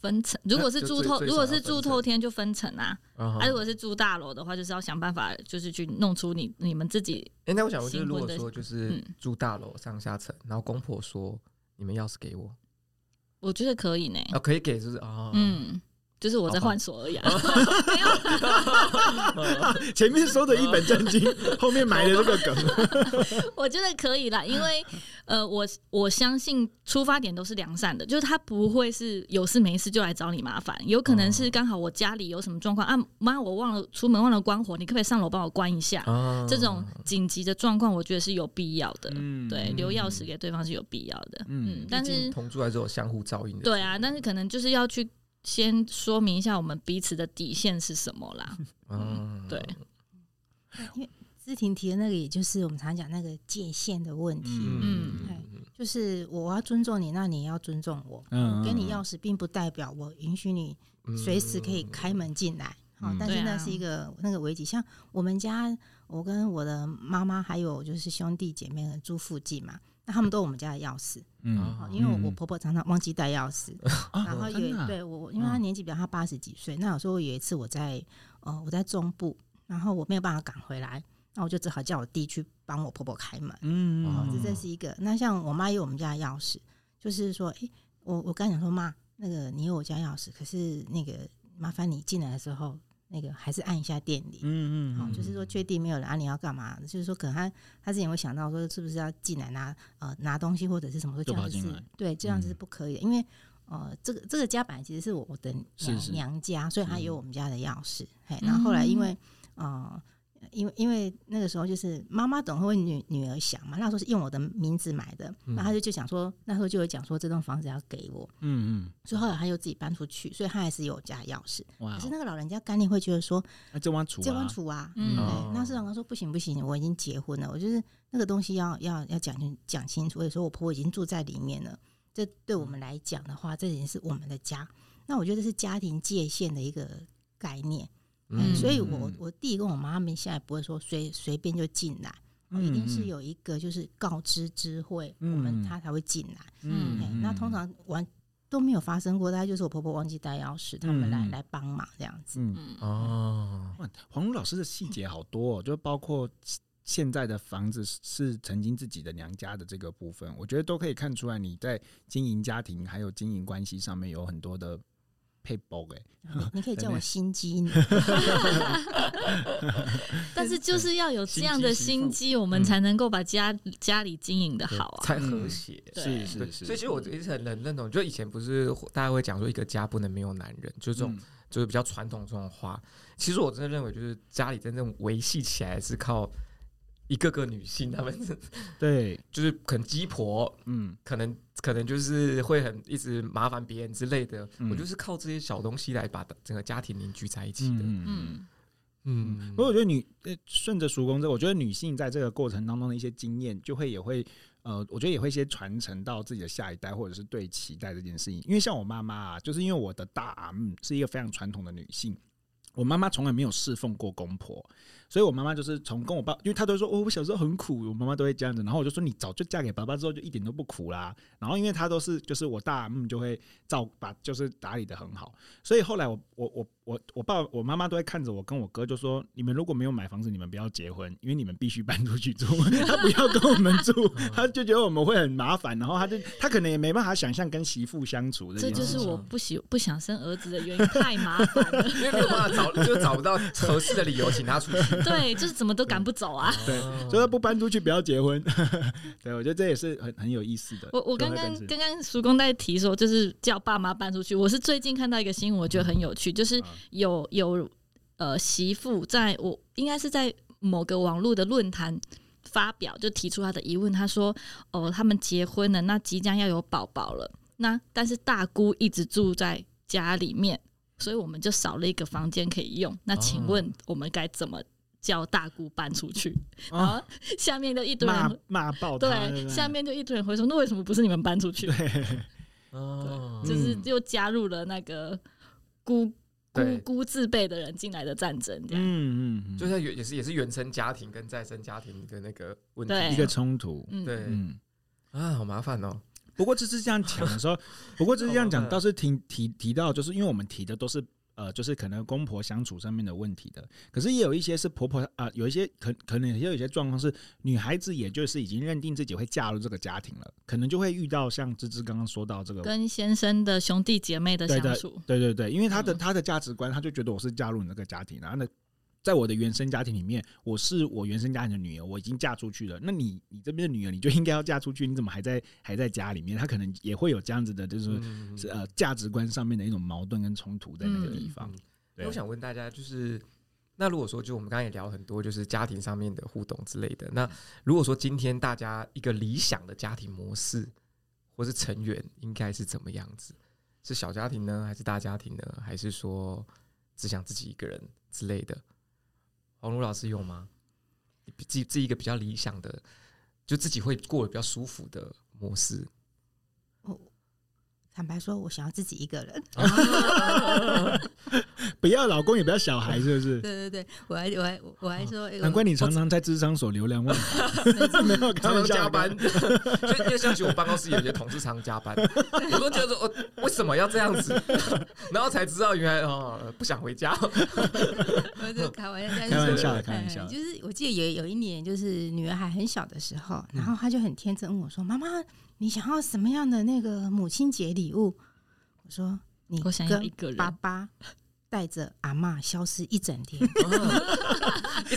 分層，如果是住透、啊，如果是住透天就分層啊分。啊，如果是住大樓的話，就是要想辦法，就是去弄出你你們自己。哎、欸，那我想問，就是如果說就是住大樓上下層、嗯，然後公婆說你們鑰匙給我。我覺得可以呢？啊，可以給是不是啊？哦。嗯。就是我在換鎖而已，啊。Oh, 前面說的一本正經， 後面埋了這個梗 ，我覺得可以啦，因為呃，我我相信出發點都是良善的，就是他不會是有事沒事就來找你麻煩。有可能是剛好我家裡有什麼狀況啊，媽，我忘了出門忘了關火，你可不可以上樓幫我關一下。這種緊急的狀況，我覺得是有必要的。嗯，對，留鑰匙給對方是有必要的。嗯，嗯，但是同住還是有相互照應的。對啊，但是可能就是要去。先說明一下我們彼此的底線是什麼啦。啊、嗯，對，因為志婷提的那個，也就是我們常講那個界限的問題。嗯，對，就是我要尊重你，那你要尊重我。給、嗯、你鑰匙，並不代表我允許你隨時可以開門進來。哦、嗯，但是那是一個那個危機。像我們家，我跟我的媽媽還有就是兄弟姐妹住附近嘛，那他們都我們家的鑰匙。嗯,嗯，因為我婆婆常常忘記帶鑰匙、嗯，然後有、啊、對我，因為她年紀比較，她八十幾歲。那有時候有一次我在呃我在中部，然後我沒有辦法趕回來，那我就只好叫我弟去幫我婆婆開門。嗯，這、嗯、這是一個。那像我媽有我們家鑰匙，就是說，哎、欸，我我剛想說媽，那個你有我家鑰匙，可是那個麻煩你進來的時候。那個還是按一下電鈴，嗯嗯，好、嗯嗯，就是說確定沒有人，啊。你要幹嘛？就是說可能他他自己會想到說，是不是要進來拿呃拿東西或者是什麼？這樣子、就是，對，這樣子是不可以的，嗯、因為呃，這個這個夾板其實是我我的娘,是是娘家，所以他有我們家的鑰匙，是是嘿，然後後來因為嗯。呃因為因為那個時候就是媽媽總會為女女兒想嘛，那時候是用我的名字買的，那他就就想說那時候就有講說這棟房子要給我，嗯嗯，所以後來他又自己搬出去，所以他還是有家鑰匙哇、哦。可是那個老人家干力會覺得說結婚、啊、這婚處啊，啊，嗯，對那市長說不行不行，我已經結婚了，我就是那個東西要要要講清講清楚，所以說我婆婆已經住在裡面了，這對我們來講的話，這已經是我們的家、嗯。那我覺得這是家庭界限的一個概念。嗯嗯嗯所以，我我弟跟我媽他們現在不會說隨隨便就進來、嗯，嗯、一定是有一個就是告知知會我們，他才會進來。嗯,嗯，那、嗯嗯、通常完都沒有發生過，大概就是我婆婆忘記帶鑰匙，他們來來幫忙這樣子、嗯。嗯嗯、哦，皇如老師的細節好多、哦，就包括現在的房子是曾經自己的娘家的這個部分，我覺得都可以看出來你在經營家庭還有經營關係上面有很多的。配包給、欸、你，你可以叫我心機女，嗯、 但是就是要有這樣的心機、嗯，我們才能夠把家、嗯、家裡經營的好啊，才和諧、嗯。是是是。所以其實我一直很能認同，就以前不是大家會講說一個家不能沒有男人，就這種、嗯、就是比較傳統的這種話。其實我真的認為，就是家裡真正維繫起來是靠。一個個女性，她們是，對，就是可能雞婆，嗯，可能可能就是會很一直麻煩別人之類的、嗯。我就是靠這些小東西來把整個家庭凝聚在一起的。嗯嗯，不、嗯、過、嗯嗯嗯、我覺得女，順着叔公這，我覺得女性在這個過程當中的一些經驗，就會也會，呃，我覺得也會一些傳承到自己的下一代，或者是對期待這件事情。因為像我媽媽啊，就是因為我的大阿姆、嗯、是一個非常傳統的女性，我媽媽從來沒有侍奉過公婆。所以，我媽媽就是從跟我爸，因為他都說我、哦、我小時候很苦，我媽媽都會這樣子。然後我就說，你早就嫁給爸爸之後就一點都不苦啦。然後，因為他都是就是我大母、嗯、就會照把就是打理得很好。所以後來我我我我我爸我媽媽都會看着我跟我哥，就說你們如果沒有買房子，你們不要結婚，因為你們必須搬出去住。 他不要跟我們住，他就覺得我們會很麻煩。然後他就他可能也沒辦法想象跟媳婦相處的。這就是我不喜不想生兒子的原因，太麻煩了。 因為沒有辦法找就找不到合適的理由請他出去。對，就是怎麼都趕不走啊對！對，所以不搬出去不要結婚。哦、 對，我覺得這也是很很有意思的。我我剛剛剛剛叔公在提說，就是叫爸媽搬出去。我是最近看到一個新聞，我覺得很有趣，就是有有呃媳婦在我應該是在某個網絡的論壇發表，就提出他的疑問。他說：“哦，他們結婚了，那即將要有寶寶了，那但是大姑一直住在家裡面，所以我們就少了一個房間可以用。那請問我們該怎麼？”叫大姑搬出去，啊、哦，下面的一堆人罵罵爆，對，下面就一堆人回說，對對那為什麼不是你們搬出去？對哦對，就是又加入了那個姑姑、嗯、姑，姑，姑字輩的人進來的戰爭，這樣，嗯嗯，就像也是也是原生家庭跟再生家庭的那個問題對一個衝突，嗯、對，嗯、啊，好麻煩哦。不過就是這樣講的時候， 啊、不過就是這樣講倒是挺提提到，就是因為我們提的都是。呃，就是可能公婆相處上面的問題的，可是也有一些是婆婆啊、呃，有一些可可能也有一些狀況是女孩子，也就是已經認定自己會嫁入這個家庭了，可能就會遇到像芝芝剛剛說到這個，跟先生的兄弟姐妹的相處，對對，對對，因為他的他的價值觀，他就覺得我是嫁入你這個家庭，然後呢。在我的原生家庭裡面，我是我原生家庭的女兒，我已經嫁出去了。那你，你這邊的女兒，你就應該要嫁出去，你怎麼還在還在家裡面？她可能也會有這樣子的，就是、嗯、是呃價值觀上面的一種矛盾跟衝突在那個地方。嗯、那我想問大家，就是那如果說，就我們剛才也聊很多，就是家庭上面的互動之類的。那如果說今天大家一個理想的家庭模式，或是成員應該是怎麼樣子？是小家庭呢，還是大家庭呢？還是說只想自己一個人之類的？皇如老師有嗎？自己自己一個比較理想的，就自己會過得比較舒服的模式。坦白說，我想要自己一個人，哦、 不要老公，也不要小孩，是不是？對對對，我還我還我還說、哦，難怪你常常在諮商所流量問，常、哦、常 加班， 就為想起我辦公室有些同事常常加班，我 都覺得我、哦、為什麼要這樣子，然後才知道原來哦，不想回家。我 就 開玩笑的，開玩笑，開玩笑。就是我記得有有一年，就是女兒還很小的時候，嗯、然後她就很天真問我說：“媽媽。”你想要什麼樣的那個母親節禮物？我說你我想要一個人，爸爸帶着阿嬤消失一整天，一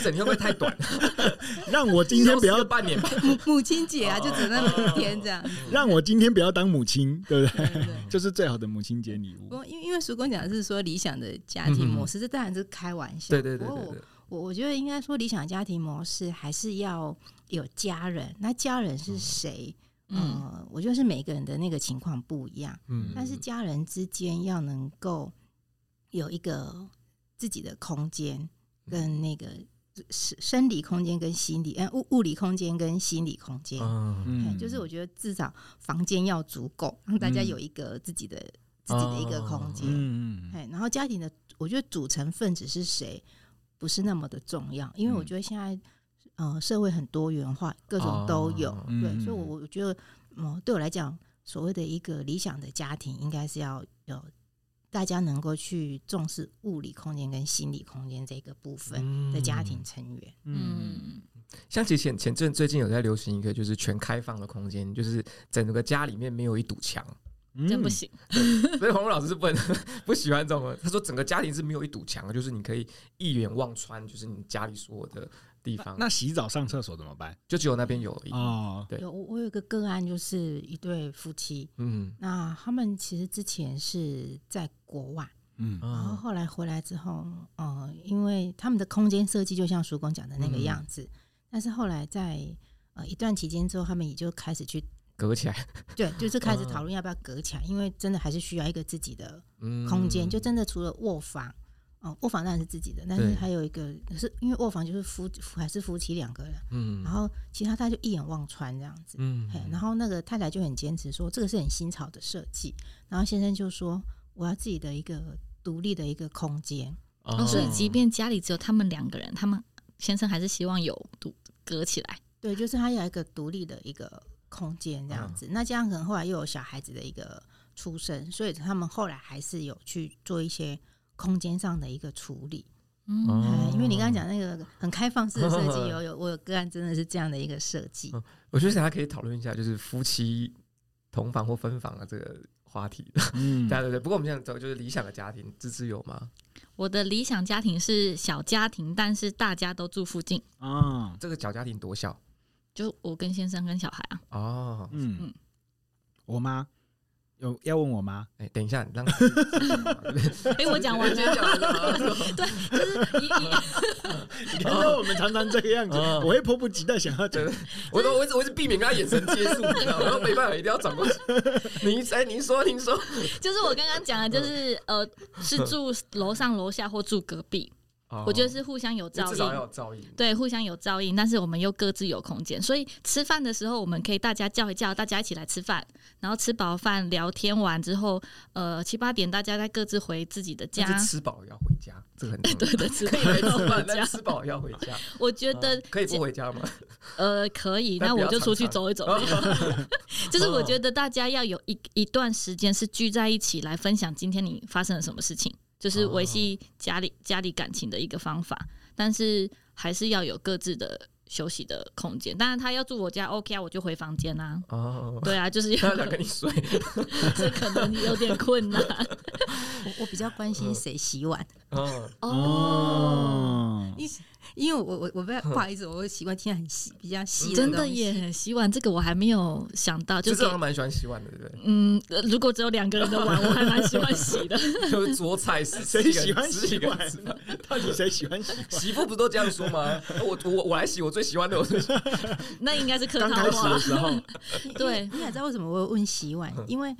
一整天，哦，一整天會不會太短？ 讓我今天不要半年吧，啊。母母親節啊，就只能明天這樣，哦。哦哦哦嗯， 讓我今天不要當母親，對不對？對對對 就是最好的母親節禮物，嗯。因，嗯，因為叔公講的是說理想的家庭模式，這當然是開玩笑。對對對對對。我我覺得應該說理想家庭模式還是要有家人。那家人是誰？嗯嗯，嗯，我覺得是每個人的那個情況不一樣，嗯，但是家人之間要能夠有一個自己的空間，跟那個生生理空間跟心理，物物理空間跟心理空間，哦，嗯，就是我覺得至少房間要足夠，讓大家有一個自己的、嗯、自己的一個空間，哦，嗯嗯，然後家庭的，我覺得組成分子是誰不是那麼的重要，因為我覺得現在。呃，社會很多元化，各種都有，哦、對、嗯，所以，我我覺得，嗯，對我來講，所謂的一個理想的家庭，應該是要有大家能夠去重視物理空間跟心理空間這個部分的家庭成員。嗯，嗯嗯像其前前陣最近有在流行一個，就是全開放的空間，就是整個家裡面沒有一堵牆，嗯，真不行。對 所以黃老師不能不喜歡這種的，他說整個家庭是沒有一堵牆，就是你可以一眼望穿，就是你家裡所有的。地方那洗澡上廁所怎麼辦？就只有那邊有哦。對，對有我有個個案，就是一對夫妻，嗯，那他們其實之前是在國外，嗯，然後後來回來之後，嗯、呃，因為他們的空間設計就像叔公講的那個樣子，嗯、但是後來在呃一段期間之後，他們也就開始去隔起來，對，就是開始討論要不要隔起來、嗯，因為真的還是需要一個自己的空間，就真的除了臥房。哦，臥房當然是自己的，但是還有一個，是因為臥房就是夫還是夫妻兩個人、嗯，然後其他他就一眼望穿這樣子，嗯，嘿，然後那個太太就很堅持說這個是很新潮的設計，然後先生就說我要自己的一個獨立的一個空間、哦，所以即便家裡只有他們兩個人，他們先生還是希望有獨隔起來，對，就是他有一個獨立的一個空間這樣子、啊，那這樣可能後來又有小孩子的一個出生，所以他們後來還是有去做一些。空間上的一個處理，嗯，嗯，因為你剛才講那個很開放式的設計，有有我有個案真的是這樣的一個設計、嗯。我覺得大家可以討論一下，就是夫妻同房或分房的這個話題。嗯， 對對對。不過我們現在走就是理想的家庭，這是有嗎？我的理想家庭是小家庭，但是大家都住附近啊、嗯。這個小家庭多小？就我跟先生跟小孩啊。哦，嗯嗯，我媽。要問我嗎？哎、欸，等一下，你這樣哎，我講完了，講完了，對， 就是一以，然 後我們常常這個樣子， 我會迫不及待想要講， 我都我一直我一直避免跟他眼神接觸， 你知道嗎？我沒辦法，一定要講。您 哎，您、欸、說，您說，就是我剛剛講的，就是 呃，是住樓上、樓下或住隔壁。Oh, 我覺得是互相有照應，對，互相有照應，但是我們又各自有空間，所以吃飯的時候我們可以大家叫一叫，大家一起來吃飯，然後吃飽飯聊天完之後，呃，七八點大家再各自回自己的家。吃飽要回家，這很重要。 對的，吃飽要回家。吃飽要回家。我覺得可以不回家嗎？呃，可以，那我就出去走一走，但不要常常。 就是我覺得大家要有一一段時間是聚在一起來分享今天你發生了什麼事情。就是維繫家裡、oh. 家裡感情的一個方法，但是還是要有各自的休息的空間。當然他要住我家，OK 啊，我就回房間啊。哦、oh.，對啊，就是有他要兩跟你睡，這 可能有點困難。 我，我比較關心誰洗碗。哦、oh. oh.，oh. oh. oh. oh. 因為我我我不好意思，我會習慣聽很細比較細的、嗯。真的耶，洗碗這個我還沒有想到，就是我蠻喜歡洗碗的，對不對？嗯，如果只有兩個人的碗，我還蠻喜歡洗的。 就做菜是，誰喜歡洗碗？到底誰喜歡洗？媳婦不都這樣說嗎？我我我來洗，我最喜歡的，我的，我最。那應該是客人剛開始的時候。 對，你還知道為什麼我會問洗碗、嗯？因為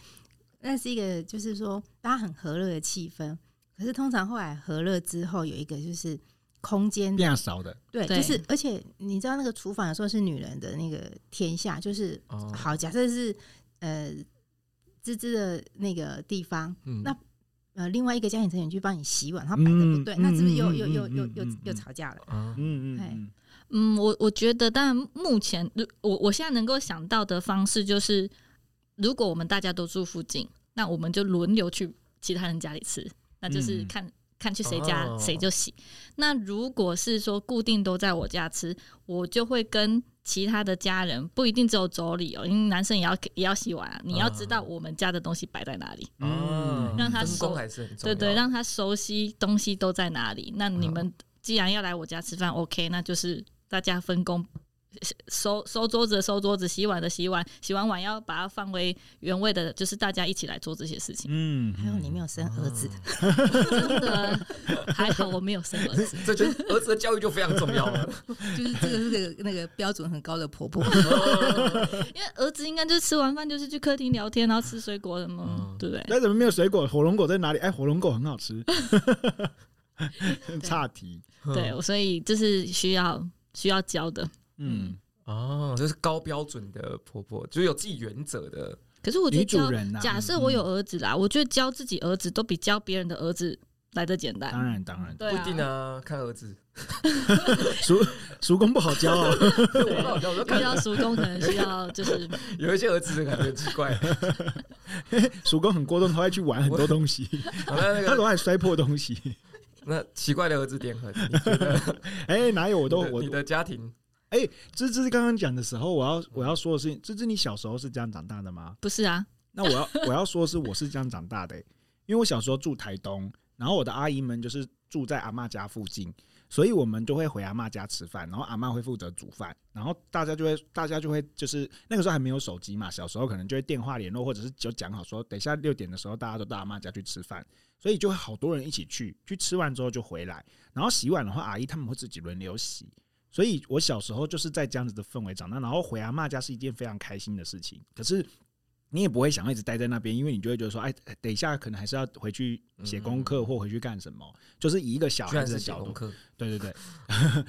那是一個就是說大家很和樂的氣氛，可是通常後來和樂之後，有一個就是。空間變少的。對，就是，而且你知道那個廚房有時候是女人的那個天下，就是好假設是呃滋滋的那個地方，那呃另外一個家庭成員去幫你洗碗，他擺的不對，那是不是又又又又又又，又，又，又吵架了？嗯嗯嗯嗯嗯，我我覺得，當然目前如我我現在能夠想到的方式就是，如果我們大家都住附近，那我們就輪流去其他人家裡吃，那就是看嗯嗯。看去誰家誰、哦、就洗。那如果是說固定都在我家吃，我就會跟其他的家人不一定只有妯娌哦，因為男生也要也要洗碗，啊嗯。你要知道我們家的東西擺在哪裡，嗯，讓他熟，對，對對，讓他熟悉東西都在哪裡。那你們既然要來我家吃飯、嗯、OK，那就是大家分工。收收桌子，收桌子，洗碗的洗碗，洗完碗要把它放回原位的，就是大家一起來做這些事情。嗯，嗯還好你沒有生兒子，哦、真的 還好我沒有生兒子，這就兒子的教育就非常重要了。 就是這個這、那個那個標準很高的婆婆， 因為兒子應該就吃完飯就是去客廳聊天，然後吃水果的嘛，對、嗯、不對？那怎麼沒有水果？火龍果在哪裡？哎，火龍果很好吃， 岔題。對，哦、對所以這是需要需要教的。嗯，哦，這是高標準的婆婆，就是有自己原則的。可是我覺得教女主人啊，假設我有兒子啦、嗯，我覺得教自己兒子都比教別人的兒子來得簡單當。當然當然、對啊，不一定啊，看兒子，叔叔公不好教啊、哦， 不好教。遇到叔公，可能需要就是 有一些兒子的感覺很奇怪、欸，叔 公很過動，他會去玩很多東西， 啊那那個、他總愛摔破東西， 那奇怪的兒子點很。哎、 欸，哪有我都，我的，的家庭。哎、欸，芝芝剛剛講的時候，我要我要說的是芝芝，你小時候是這樣長大的嗎？不是啊。那我要 我要說，是我是這樣長大的。欸，因為我小時候住台東，然後我的阿姨們就是住在阿嬤家附近，所以我們就會回阿嬤家吃飯，然後阿嬤會負責煮飯，然後大家就會大家就會就是那個時候還沒有手機嘛，小時候可能就會電話聯絡，或者是就講好說，等一下六點的時候大家都到阿嬤家去吃飯，所以就會好多人一起去，去吃完之後就回來，然後洗碗的話，阿姨他們會自己輪流洗。所以，我小時候就是在這樣子的氛圍長大，然後回阿嬤家是一件非常開心的事情。可是，你也不會想要一直待在那邊，因為你就會覺得說，哎，等一下可能還是要回去寫功課或回去幹什麼、嗯。就是以一個小孩子的角度。對對對，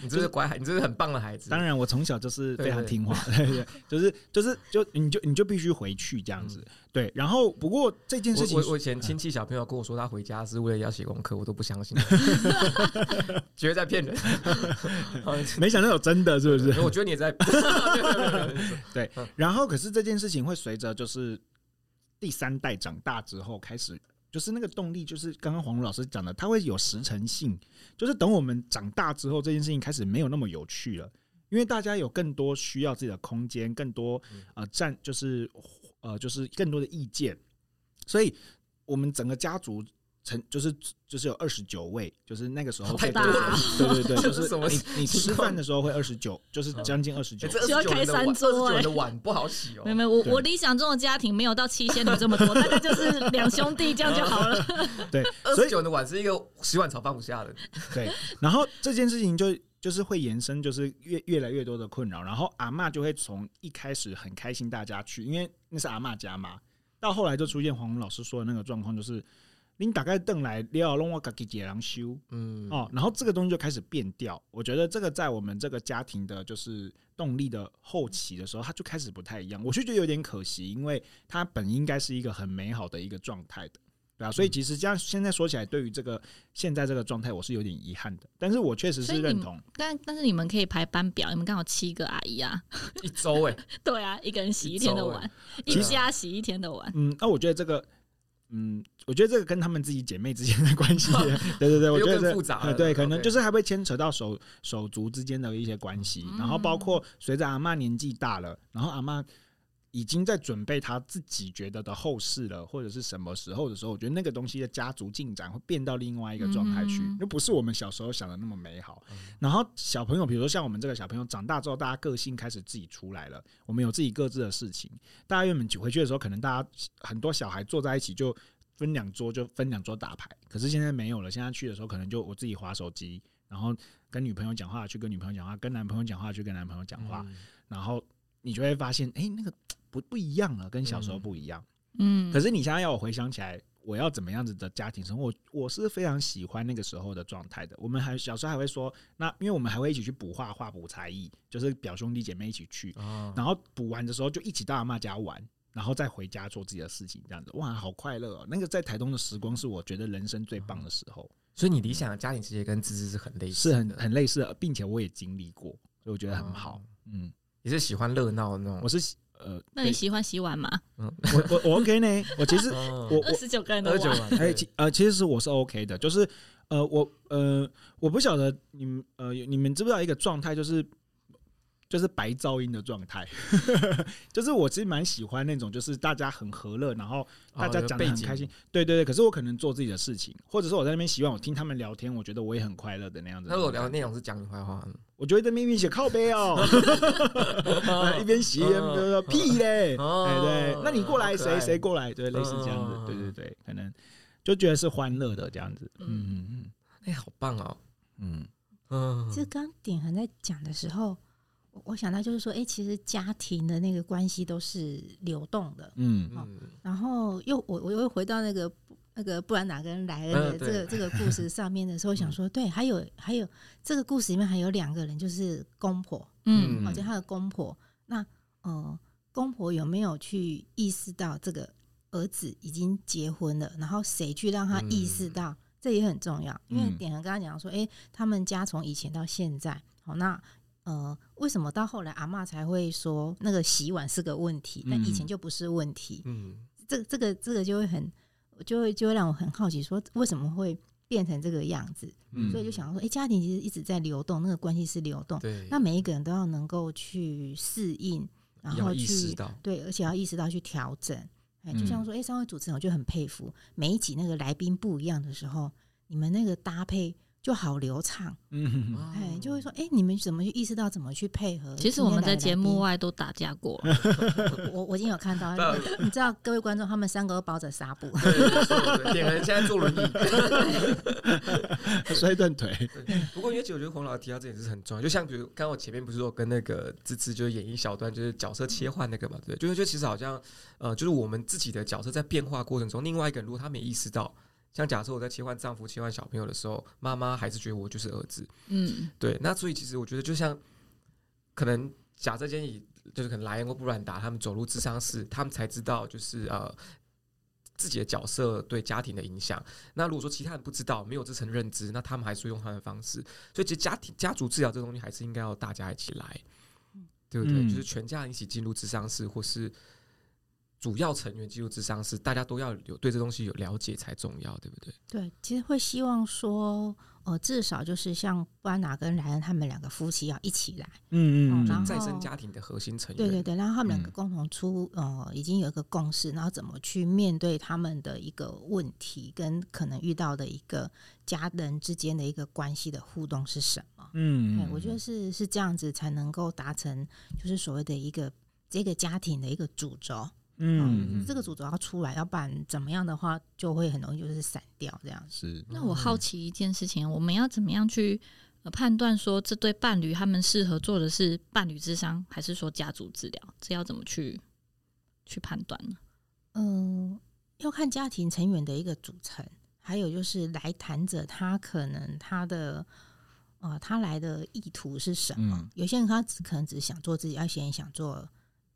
你是是、 就是，你真是乖，你真是很棒的孩子。當然，我從小就是非常聽話，對對對對對對 就是就是就你就你就必須回去這樣子。嗯、對，然後不過這件事情，我，我以前親戚小朋友跟我說他回家是為了要寫功課，我都不相信，覺 得 在騙騙人。 沒想到有真的，是不是？我覺得你也在。對，然後可是這件事情會隨着就是第三代長大之後開始。就是那個動力，就是剛剛皇老師講的，它會有時程性，就是等我們長大之後，這件事情開始沒有那麼有趣了，因為大家有更多需要自己的空間，更多、嗯、呃占，就是呃就是更多的意見，所以我們整個家族。成就是就是有二十九位，就是那個時候對，太大了對對對，就是，是你你吃飯的時候會二十九，就是將近二十九。喜歡開三桌哎，二十九的碗不好洗哦。沒有我我理想中的家庭沒有到七仙女這麼多， 大概就是兩兄弟這樣就好了。啊、對，二十九的碗是一個洗碗槽放不下的。對，然後這件事情就就是會延伸，就是越越來越多的困擾。然後阿嬤就會從一開始很開心大家去，因為那是阿嬤家嘛，到後來就出現黃老師說的那個狀況，就是。你打開燈來，你要弄我自己一個人修，嗯哦，然後這個東西就開始變調。我覺得這個在我們這個家庭的就是動力的後期的時候，嗯、它就開始不太一樣。我是覺得有點可惜，因為它本應該是一個很美好的一個狀態的，對啊，所以其實這樣現在說起來，對於這個現在這個狀態，我是有點遺憾的。但是我確實是認同。但但是你們可以排班表，你們剛好七個阿姨啊，一周哎、欸， 對啊，一個人洗一天的碗、欸，一家洗一天的碗。嗯，那我覺得這個，嗯。我覺得這個跟他們自己姐妹之間的關係， 對對對，我覺得很複雜。對，可能就是還會牽扯到手、okay. 手足之間的一些關係，然後包括隨着阿嬤年紀大了，然後阿嬤已經在準備她自己覺得的後事了，或者是什麼時候的時候，我覺得那個東西的家族進展會變到另外一個狀態去，嗯嗯，又不是我們小時候想的那麼美好。然後小朋友，比如說像我們這個小朋友長大之後，大家個性開始自己出來了，我們有自己各自的事情。大家原本擠回去的時候，可能大家很多小孩坐在一起就。分兩桌就分兩桌打牌，可是現在沒有了。現在去的時候，可能就我自己滑手機，然後跟女朋友講話，去跟女朋友講話，跟男朋友講話，去跟男朋友講話、嗯，然後你就會發現，哎、欸，那個不不一樣了，跟小時候不一樣。嗯，可是你現在要我回想起來，我要怎麼樣子的家庭生活，我是非常喜歡那個時候的狀態的。我們還小時候還會說，那因為我們還會一起去補畫畫、補才藝，就是表兄弟姐妹一起去，哦、然後補完的時候就一起到阿嬤家玩。然後再回家做自己的事情，這樣子，哇，好快樂哦！那個在台東的時光是我覺得人生最棒的時候。嗯，所以你理想的家庭其實跟芝芝是很類似，是很很類似的，並且我也經歷過，所以我覺得很好。嗯，嗯，也是喜歡熱鬧的那種。我是呃，那你喜歡洗碗嗎？嗯，我我我 OK 呢。我其實我二十九個人都九酒。其呃，欸，其實是我是 OK 的，就是呃，我呃，我不曉得你們呃，你們知不知道一個狀態就是。就是白噪音的狀態， 就是我其實蠻喜歡那種，就是大家很和樂，然後大家講的很開心、哦，對對對。可是我可能做自己的事情，或者是我在那邊洗碗，我聽他們聊天，我覺得我也很快樂的那樣子。那我聊的內容是講你壞話？我覺得祕密寫靠背、喔、 哦，一邊吸煙的屁嘞，對對，對、哦，那你過來誰誰、哦、過來，對，類似這樣子、哦，對對對，可能就覺得是歡樂的這樣子，嗯嗯嗯，哎、欸，好棒哦、喔，嗯嗯，就剛典衡在講的時候。我想到就是說，哎、欸，其實家庭的那個關係都是流動的，嗯嗯、喔。然後又我我又回到那個那個不然哪個人來了的這個、呃、這個故事上面的時候，想說、嗯、對，還有還有這個故事裡面還有兩個人，就是公婆，嗯，好、喔、就他的公婆，那呃，公婆有沒有去意識到這個兒子已經結婚了？然後誰去讓他意識到？嗯、這也很重要，嗯、因為典衡剛剛講說，哎、欸，他們家從以前到現在，好、喔、那。呃，為什麼到後來阿嬤才會說那個洗碗是個問題？那、嗯、以前就不是問題。嗯，這、這個、這個就會很，就會、就會讓我很好奇，說為什麼會變成這個樣子？嗯，所以就想說，哎、欸，家庭其實一直在流動，那個關係是流動。對。那每一個人都要能夠去適應，然後去對，而且要意識到去調整。哎、欸，就像說，哎、欸，三位主持人，我就很佩服，每一集那個來賓不一樣的時候，你們那個搭配。就好流暢， 嗯哼哼，哎、欸，就會說，哎、欸，你們怎麼去意識到，怎麼去配合？其實我們在節目外都打架過，來一來一 我我已經有看到， 你知道， 各位觀眾他們三個都包着紗布 對，對，兩人現在坐輪椅， 摔斷腿。不過因為其實我覺得黃老師提到這點是很重要，就像比如剛剛我前面不是說跟那個芝芝就是演一小段就是角色切換那個嘛，對，就是就其實好像呃，就是我們自己的角色在變化過程中，另外一個人如果他沒意識到。像假設我在切換丈夫、切換小朋友的時候，媽媽還是覺得我就是兒子。嗯，對。那所以其實我覺得，就像可能假設間以就是可能萊恩或布蘭達他們走入諮商室，他們才知道就是呃自己的角色對家庭的影響。那如果說其他人不知道，沒有這層認知，那他們還是用他們的方式。所以其實家庭、家族治療這東西還是應該要大家一起來，對不對？嗯、就是全家人一起進入諮商室，或是。主要成員基礎，之上是大家都要有對這東西有了解才重要，對不對？對，其實會希望說，呃，至少就是像不拿哪個人他們兩個夫妻要一起來，嗯嗯，然後再生家庭的核心成員，對對對，然後他們兩個共同出、嗯，呃，已經有一個共識，然後怎麼去面對他們的一個問題，跟可能遇到的一個家人之間的一個關係的互動是什麼？嗯嗯，我覺得是是這樣子才能夠達成，就是所謂的一個這個家庭的一個主軸。嗯，嗯，嗯，這個組主要出來，要不然怎麼樣的話，就會很容易就是散掉。這樣子是、嗯。那我好奇一件事情、嗯，我們要怎麼樣去判斷說這對伴侶他們適合做的是伴侶諮商、嗯，還是說家族治療？這要怎麼去去判斷呢？嗯、呃，要看家庭成員的一個組成，還有就是來談者他可能他的、呃、他來的意圖是什麼？嗯、有些人他只可能只是想做自己，要有些人想做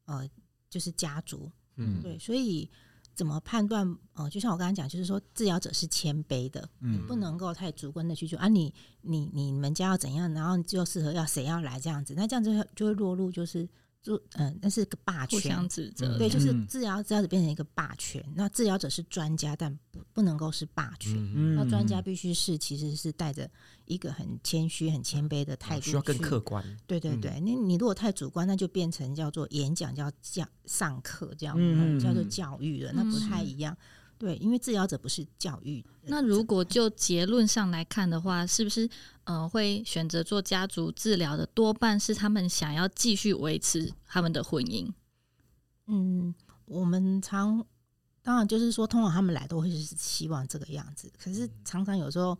呃，就是家族。嗯，對，所以怎麼判斷？呃，就像我剛剛講，就是說治療者是謙卑的，嗯嗯，你不能夠太主觀的去說啊你，你你你們家要怎樣，然後就適合要誰要來這樣子，那這樣子就會落入就是。嗯、呃，那是個霸權，互相指責，對，就是治療治療者變成一個霸權。嗯、那治療者是專家，但不能夠是霸權。嗯、那專家必須是其實是帶着一個很謙虛、很謙卑的態度，需要更客觀。對對對、嗯，那你如果太主觀，那就變成叫做演講，叫講上課這樣叫做教育了，那不太一樣。對，因為治療者不是教育。那如果就結論上來看的話，是不是呃會選擇做家族治療的多半是他們想要繼續維持他們的婚姻？嗯，我們常當然就是說，通常他們來都會是希望這個樣子，可是常常有時候。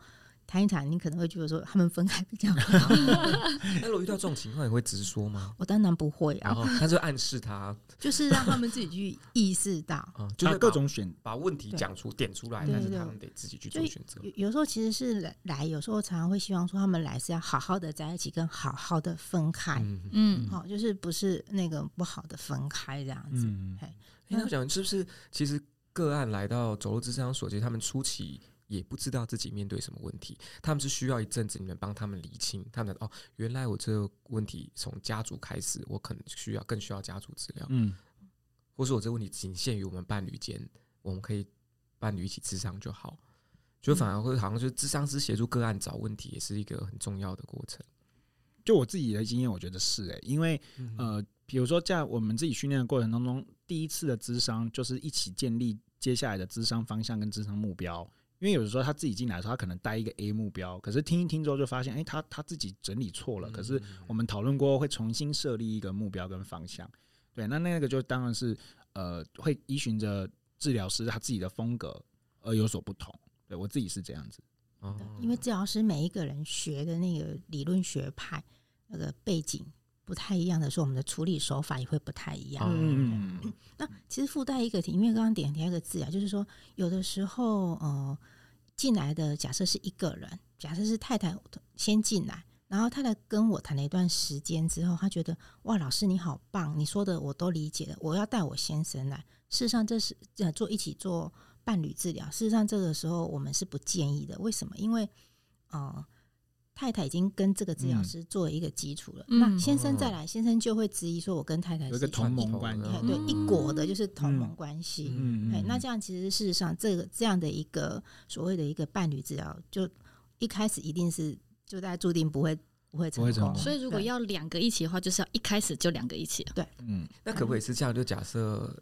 談一談，你可能會覺得說他們分開比較好。那 如果遇到這種情況，你會直說嗎？ 我當然不會啊，他、哦、就暗示他， 就是讓他們自己去意識到啊、嗯，就是各種選，把問題講出、點出來，對對對，但是他們得自己去做選擇。有時候其實是來，有時候常常會希望說他們來是要好好的在一起，跟好好的分開，嗯，好、嗯哦，就是不是那個不好的分開這樣子。那、嗯、講、嗯嗯、是不是？其實個案來到走路諮商所，其實他們初期。也不知道自己面對什麼問題，他們是需要一陣子，你們幫他們理清，他們哦，原來我這個問題從家族開始，我可能需要更需要家族治療，嗯，或是我這個問題僅限於我們伴侶間，我們可以伴侶一起諮商就好，就反而會好像就是諮商師協助個案找問題，也是一個很重要的過程。就我自己的經驗，我覺得是哎、欸，因為、嗯、呃，比如說在我們自己訓練的過程當中，第一次的諮商，就是一起建立接下來的諮商方向跟諮商目標。因為有的時候他自己進來的時候，他可能帶一個 A 目標，可是聽一聽之後就發現，哎，他他自己整理錯了。可是我們討論過，會重新設立一個目標跟方向。對，那那個就當然是呃，會依循着治療師他自己的風格而有所不同。對，我自己是這樣子，對，因為治療師每一個人學的那個理論學派那個背景，不太一樣的時候，我們的處理手法也會不太一樣。嗯，嗯，嗯，那其實附帶一個題，因為剛剛點第二個字啊，就是說有的時候，呃，進來的假設是一個人，假設是太太先進來，然後太太跟我談了一段時間之後，他覺得哇，老師你好棒，你說的我都理解了，我要帶我先生來。事實上，這是呃做一起做伴侶治療。事實上，這個時候我們是不建議的。為什麼？因為，嗯、呃……太太已經跟這個治療師做一個基礎了、嗯，那先生再來，哦、先生就會質疑說：“我跟太太是同盟關係，對，一國的，就是同盟關係。嗯”哎、嗯嗯，那這樣其實事實上，這個這樣的一個所謂的一個伴侶治療，就一開始一定是就大家注定不會不會成功會，所以如果要兩個一起的話，就是要一開始就兩個一起、啊。對，嗯，那可不可以是這樣？就假設。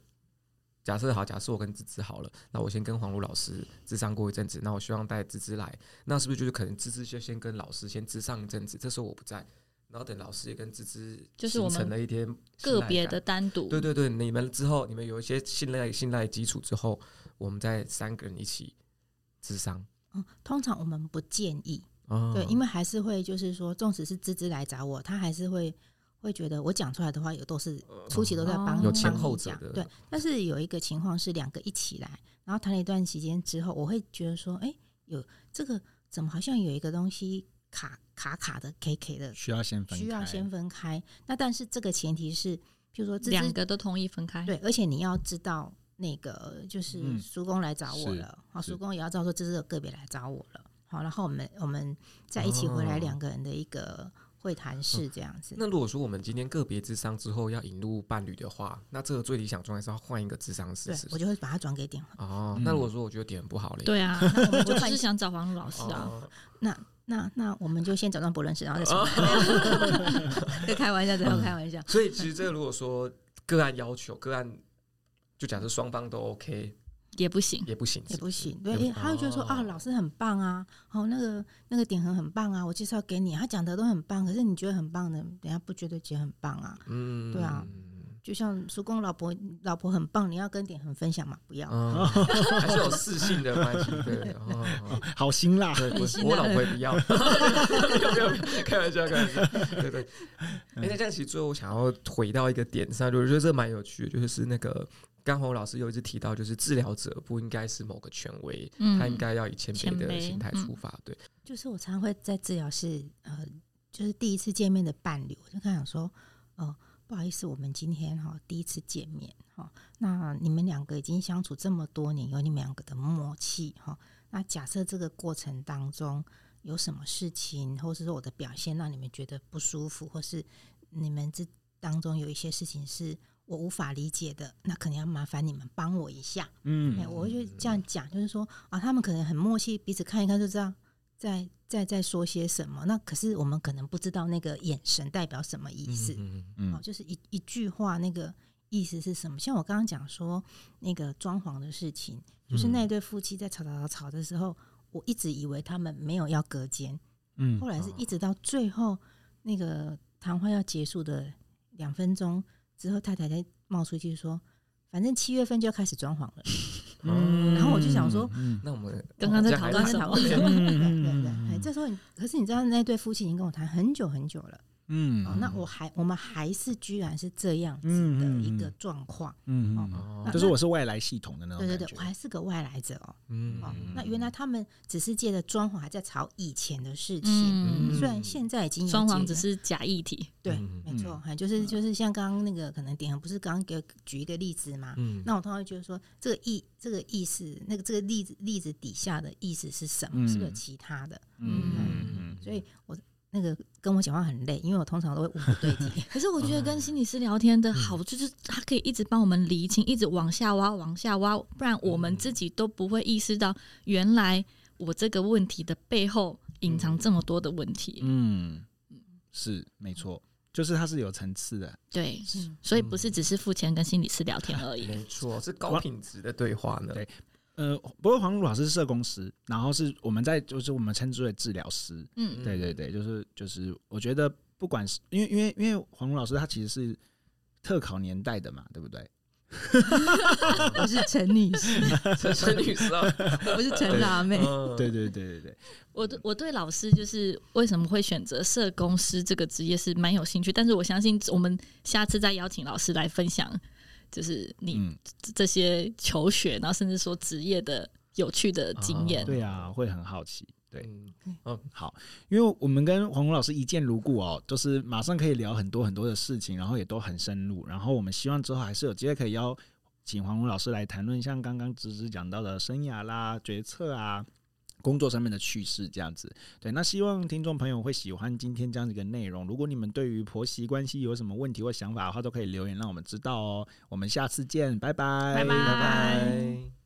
假設好，假設我跟芝芝好了，那我先跟皇如老師諮商過一陣子，那我希望帶芝芝來，那是不是就是可能芝芝就先跟老師先諮商一陣子？這時候我不在，然後等老師也跟芝芝，就是我們成了一天個別的單獨，對對對，你們之後你們有一些信賴信賴基礎之後，我們再三個人一起諮商。嗯，通常我們不建議、嗯，對，因為還是會就是說，縱使是芝芝來找我，他還是會。會覺得我講出來的話有都是初期都在幫幫你講、哦，對。但是有一個情況是兩個一起來，然後談了一段時間之後，我會覺得說，哎、欸，有這個怎麼好像有一個東西卡卡卡的，K K 的需要先分需要先分開。那但是這個前提是，譬如說兩個都同意分開，對。而且你要知道，那個就是叔、嗯、公來找我了，好，叔公也要知道說這是有個別來找我了，好。然後我們我們再一起回來，兩個人的一個。嗯嗯嗯會談是這樣子、嗯。那如果說我們今天個別諮商之後要引入伴侶的話，那這個最理想狀態是要換一個諮商師。對我就會把它轉給點。哦、嗯，那如果說我覺得點很不好嘞，對啊，我就, 就是想找黃老師啊。哦、那那那,那我們就先找張博老師，然後再說。哦、 再開玩笑，最後開玩笑、嗯。所以其實這個如果說 個案要求，個案就假設雙方都 OK。也不行，也不行，也不行。對，他就覺得說、哦、啊，老師很棒啊，好、哦哦，那個那個典衡很棒啊，我介紹給你，他講得都很棒。可是你覺得很棒的，人家不覺得姐很棒啊。嗯，對啊，就像叔公老婆，老婆很棒，你要跟典衡分享嘛？不要，嗯、還是有私性的關係。 對，好辛辣。我老婆也不要。有 開玩笑？開玩笑。對對、對、嗯，欸。那這樣其實最後我想要回到一個點上，就是覺得這蠻有趣的，就是那個。剛洪老師又一直提到，就是治療者不應該是某個權威，嗯、他應該要以謙卑的心態出發。對，就是我常常會在治療室，呃，就是第一次見面的伴侶，我就跟他說，哦、呃，不好意思，我們今天哈第一次見面哈，那你們兩個已經相處這麼多年，有你們兩個的默契哈。那假設這個過程當中有什麼事情，或者是我的表現讓你們覺得不舒服，或是你們這當中有一些事情是。我無法理解的，那可能要麻煩你們幫我一下。嗯，欸、我就這樣講，就是說啊，他們可能很默契，彼此看一看就知道在在在,在說些什麼。那可是我們可能不知道那個眼神代表什麼意思。嗯嗯嗯，哦、嗯啊，就是一一句話那個意思是什麼？像我剛剛講說那個裝潢的事情，就是那對夫妻在吵,吵吵吵吵的時候，我一直以為他們沒有要隔間。嗯，後來是一直到最後那個談話、嗯那個、要結束的兩分鐘。之後，太太才冒出一句說：“反正七月份就要開始裝潢了。嗯”然後我就想說：“嗯嗯、那我們剛剛在討論那、哦嗯嗯、對對對，對，這時候你，可是你知道，那對夫妻已經跟我談很久很久了。”嗯、哦，那我還我們還是居然是這樣子的一個狀況。嗯，嗯哦嗯，就是我是外來系統的那種感覺，對對對，我還是個外來者哦，嗯、哦，那原來他們只是借着裝潢還在吵以前的事情，嗯，雖然現在已經裝潢只是假議題。嗯嗯，對，沒錯，還就是就是像剛剛那個可能點，不是剛剛給舉一個例子嘛。嗯，那我通常覺得說這個意這個意思，那個這個例子例子底下的意思是什麼？嗯、是個其他的嗯嗯，嗯，所以我。那個跟我講話很累，因為我通常都會答不對題。 可是我覺得跟心理師聊天的好處，嗯、就是他可以一直幫我們理清、嗯，一直往下挖，往下挖，不然我們自己都不會意識到，原來我這個問題的背後隱藏這麼多的問題。嗯，嗯是沒錯，就是它是有層次的。對、嗯，所以不是只是付錢跟心理師聊天而已，啊、沒錯，是高品質的對話呢。呃，不過皇如老師是社工師，然後是我們在就是我們稱之為治療師，嗯，對對對，就是就是，我覺得不管是因為因為因為皇如老師他其實是特考年代的嘛，對不對？我是陳女士，陳 女士哦、喔， 我是陳辣妹，對對對對對，對我。我我對老師就是為什麼會選擇社工師這個職業是蠻有興趣，但是我相信我們下次再邀請老師來分享。就是你這些求學、嗯，然後甚至說職業的有趣的經驗、啊，對啊，會很好奇，對，嗯，好，因為我們跟皇如老師一見如故哦，就是馬上可以聊很多很多的事情，然後也都很深入，然後我們希望之後還是有機會可以邀請皇如老師來談論，像剛剛直直講到的生涯啦、決策啊。工作上面的趣事這樣子，對，那希望聽眾朋友會喜歡今天這樣子的一個內容。如果你們對於婆媳關係有什麼問題或想法的話，都可以留言讓我們知道哦。我們下次見，拜拜，拜拜，拜拜。拜拜。